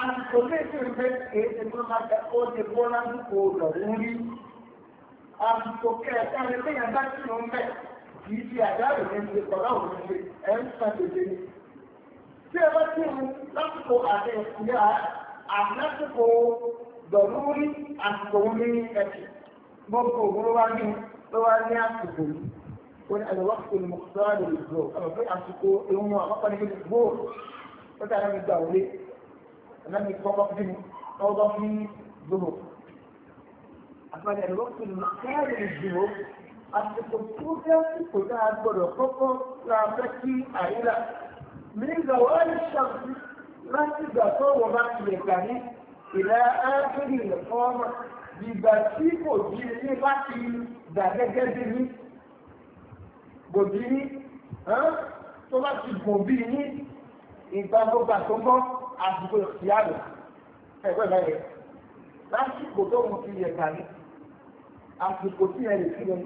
àsìkò méjì ń bẹ kéde nọ́mbà kan ó ti bọ́ lásìkò lọ́rùn rí àbùkù kẹta rẹ lẹ́yìn bá tí wọ́n bẹ̀ kì í fi àdáàrò rẹ̀ ṣe kọ̀ọ̀lá òun ṣe ẹ̀ ń san dèdè ni. Tí ẹ bá tí mu lásìkò àti ìkúlẹ̀ àlásìkò dọ̀lúrí àsìkò ní ẹ̀kì gbogbo òwúrò wá ní ló wá ní àsìkò yìí. Ó ní àlọ́ ni àpàdé àdìwọ́pù ní káàdì ìdìbò àsìkò tó fẹ́ kò dáa gbọ́dọ̀ kọ́kọ́ la fẹ́ kí àyílà mínísà wà ní ṣàkóso láti gbà tó wọ́n bá tilẹ̀ kà ní ìlà ákéré ìfọ́mà ìgbà tí kò jí ní bá ti dà gẹ́gẹ́ bí ní gòbí ní tó bá ti gòbí ní ìgbà gbogbo àtọ́gbọ́n àdúgbò ìyá rẹ̀ ẹ̀gbẹ́ rẹ̀ lásìkò tó ń fi yẹ̀ kà àsìkò tí ẹ lè fi lọ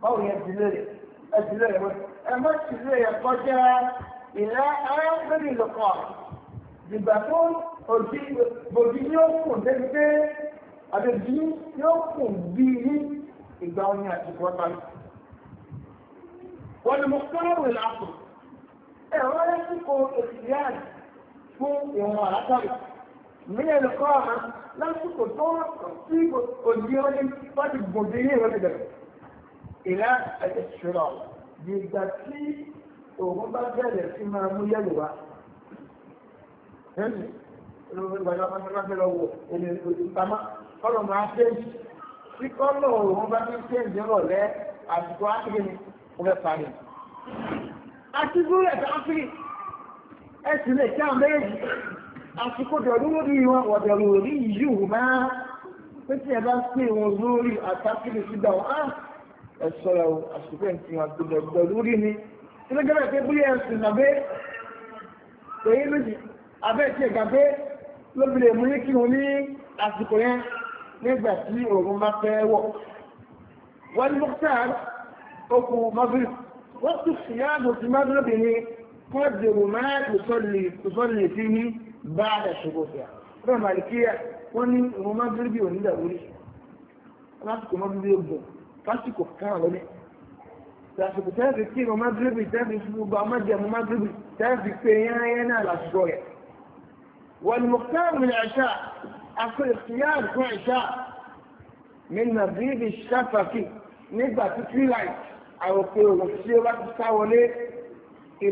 báwo yẹn dìlé rẹ ẹ dìlé rẹ mọ ẹ má sì lè yẹ kọjá ìlà arábìnrin lọkọ ìgbà tó òjì bòjì yóò kùn débi pé àbẹ̀bí yóò kùn bí ní ìgbà wọn ní àsìkò ọ̀tá yìí. wọ́n ní mo kọ́ ìwé làásù ẹ̀rọ ẹ̀sìnkò èsì yáàdì fún ìwọ̀n àlátàrí mílíọ̀n kọ́ ọ̀ma lásìkò tó sí òdi ọdún láti gbòdì ilé ìwé bẹ̀rẹ̀. ìlà ẹ̀jẹ̀ ṣùrọ̀ dìgbà tí òun bá bẹ̀rẹ̀ sí máa mú yẹ̀lò wá. ẹnì ìgbàlá pàṣẹ lọ wọ ènìyàn ìpamọ́ kọ́lọ̀ máa tẹ́jì tí kọ́lọ̀ òun bá fi ẹ̀sìn lè kí àwọn méjì àsìkò dọ̀rúrí wọn wọ̀dọ̀rúrí yìí máa pé tí ẹ bá pè wọn lórí àtàkìlì sígbà wọn á ah, ẹ sọ̀rọ̀ àsìkò ẹ̀ ti wọn gbọdọ̀ dọ̀rúrí ni tí ló gẹ́gẹ́ pé bóyá ẹ̀sìn nàbẹ́ èyí lójì abẹ́ ti ẹ̀gà pé lóbi lè mú ní kí wọn ní àsìkò yẹn nígbà tí òòrùn bá fẹ́ wọ̀ wọ́n ní mọ́tà okùn mọ́bìlì wọ́n tún fìyà àgùntì mọ́bìlì ni kọ́ dèrò máa kò sọ́lì بعد شروطها فما مالكية واني هما بربي واني داولي lásìkò mọ́bílì ogun lásìkò kan lónìí lásìkò tẹ́ẹ̀fì tí mo máa gíríbì tẹ́ẹ̀fì fún gbogbo amájẹ̀mú máa gíríbì tẹ́ẹ̀fì pé yẹ́nyẹ́ náà lásìkò rẹ̀. wọ́n mú káàmù ní àṣà àkọlù síyáàrù fún àṣà mi nà gíríbì ṣàfàkì nígbà tí tíláì àròpé òun tí ó bá ti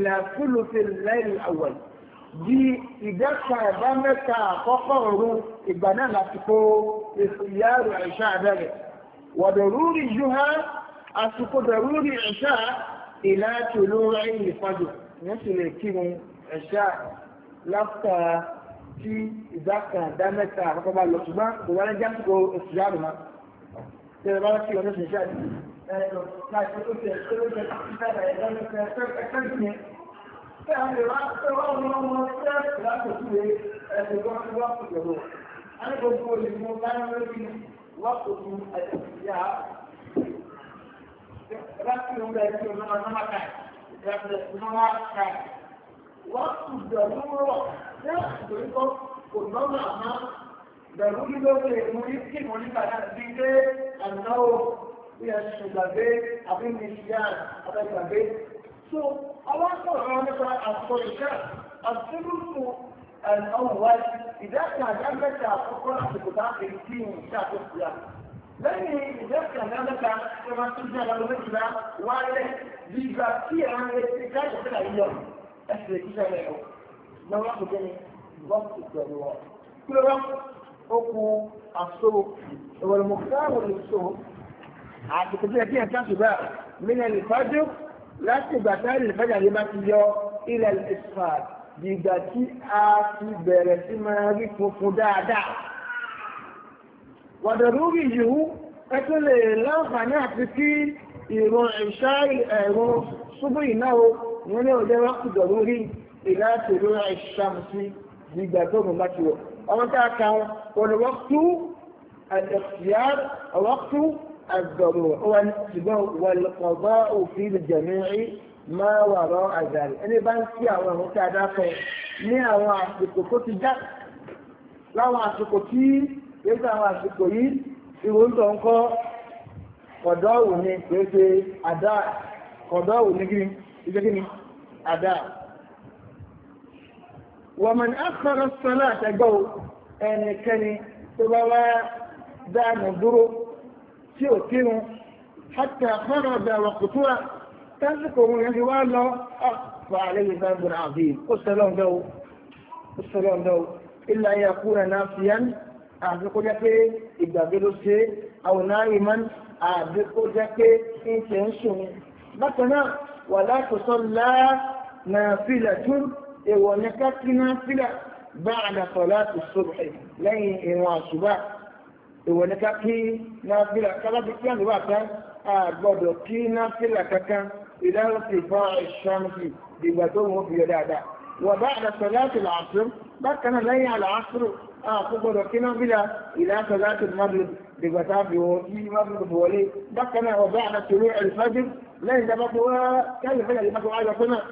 lẹ́yìn àwọ̀lù di ìdẹ́ka ẹ̀bá mẹ́ta àkọ́kọ́ òru ìgbà náà láti kó ìyáàrù ẹ̀ṣá abẹ́rẹ̀ wọ̀dọ̀rúurì yúhá àsìkòdọ̀rúurì ẹ̀ṣá ìlàtì olóra ìlú fàjò wọ́n sì lè kí wọn ẹ̀ṣá láfta tí ìdáka ẹ̀dá mẹ́ta àkọ́kọ́ bá lọ ṣùgbọ́n kò wá ní jásìkò ìyáàrù náà tẹ̀lé bá kí ọdún Ẹni gbogbo olùmọ̀ láyé lórí wọ́pùtù àtìyá láti ọmọ ẹgbẹ́ ọmọ ọmọ ká ìgbàgbẹ́ ọmọ ká wọ́pùtù dẹ̀rúrọ̀ lẹ́yìn ìgbèríkọ́ kò lọ́nà àmọ́ dẹ̀rú lílo pé mo ní kí mo ní bàtà sí pé ànáwó bí ẹ ṣùgbàgbé àbí mi ṣíyá àbẹ̀gbàgbé. الله سبحانه وتعالى الطريقات الثلث الأول إذا كان عندك فكرة بقطاع الدين شاكر فيها lẹ́yìn ìjọba ìdámẹ́ta tí wọ́n tún jẹ́ ọ̀rọ̀ méjìlá wáyé gbígbà tí à ń retí káyọ̀ sílẹ̀ yìí lọ ẹsẹ̀ lè kíkẹ́ rẹ̀ o lọ́wọ́ kò jẹ́ ni wọ́n ti pẹ̀lú wọn. pé wọ́n ó ku àṣọ ìwọ̀n mọ̀kútà wọ̀lẹ̀ sọ àtìkù tí ẹ bí ẹ̀ ká ṣùgbọ́n mílíọ̀nù ìfájú láti ìgbà táyà lè fẹ́jà lè má ti yọ ilẹ̀ ìfàd dìgbà tí a ti bẹ̀rẹ̀ sí máa rí funfun dáadáa. wàdàrúrì yìí ẹtún lè láǹfààní àti kí ìrùn ìṣá ẹ̀rùn ṣubú ìnáwó wọn ní òde wákù dọ̀rúrì ìlà àtẹ̀rù ìṣàmùsí dìgbà tó mú bá ti wọ̀. ọmọ tá a kan wọn ni wọ́n tú ẹ̀dẹ̀kìyà ọ̀wọ́kú الضرورة والقضاء في الجميع ما وراء ذلك ẹni bá ń tí àwọn ọ̀run tí a dákọ̀ ní àwọn àsìkò tó ti já láwọn àsìkò tí yóò tó àwọn àsìkò yìí ìwòǹtò ń kọ́ kọ̀dọ̀ òwò ni kò ṣe àdá kọ̀dọ̀ òwò ni kí ni ìṣe àdá. wọ́n á kọ́ra sọ́lá àtẹ́gbọ́ ẹnikẹ́ni tó bá wá dáàmú dúró tí ò kírun hátà fọ́nà bẹ̀rọ̀ kùtùwà tásìkò òun yẹn ti wá lọ ọ̀pọ̀ àlẹ́ yìí bá ń bọ̀ náà bíi ó sọlọ́ ǹdọ́wọ́ ó sọlọ́ ǹdọ́wọ́ ilà yà kúrò náà fi yẹn àfi kó jẹ́ pé ìgbàgbé ló ṣe àwọn náà yìí jẹ́ pé ń ṣe ń sùn bákan náà wà látòsọ́ náà fìlà tún èèwọ̀ ní ká kí náà fìlà bá àdàpọ̀ láti lẹ́yìn ìrun àṣùbà ìwọ ní ká kí náfìlà kálábí kí àlùwà tán àgbọ̀dọ̀ kí náfìlà kankan ìdáhùn sí fún ìṣàmùsì ìgbà tó wọ́n fi yọ dáadáa. wọ́n bá àdàsọ̀ láti làásù bákan náà lẹ́yìn àlàásùrù àkúgbọ̀dọ̀ kí náfìlà ìdáhùn láti magrib ìgbà tá a fi wọ́n kí magrib wọlé bákan náà wọ́n bá àdàsọ̀ lórí àlùfáàjì lẹ́yìn ìjọba tó wá kálífẹ́lẹ̀ yìí máa yọ fún náà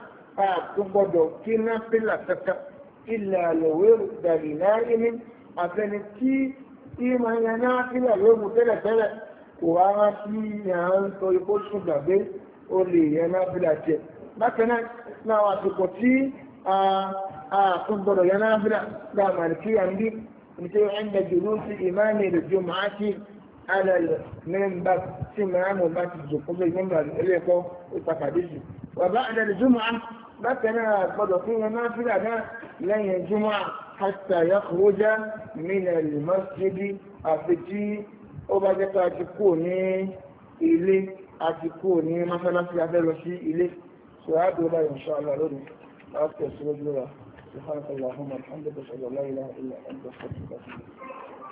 àkúgbọ̀dọ̀ kí náfìlà kankan ìlàlọ́wẹ́rù dàrí náà tí ma yan náà sílẹ̀ lóòmù tẹ́lẹ̀tẹ́lẹ̀ kò wá rán sí àwọn ń sọ ikó sùn gbàgbé ó lè yan náà sílẹ̀ tiẹ̀ bákan náà láwọn àsìkò tí àtún gbọdọ̀ yan náà sílẹ̀ gba màlìkí àǹdí nítorí ẹ̀ńdà jùlọ sí ìmáàmì ìrìnjò máa ti alẹ́lẹ̀ mẹ́mbà tí màámù bá ti jòkó lórí mẹ́mbà ilé ẹ̀kọ́ ìpàkàdé jù wàbá àdàlẹ̀ jùmọ̀ bákan náà gbọdọ̀ fún wọn náà fúlà náà lẹ́yìn júmọ́ hatta yakhruja min al-masjid àfi tí ó bá jẹ́ pé a ti kúrò ní ilé a ti kúrò ní mọ́sálásí a fẹ́ lọ sí ilé سؤال ولا إن شاء الله لدي أكثر سؤال لها سبحانك اللهم الحمد لله لا إله إلا أنت استغفرك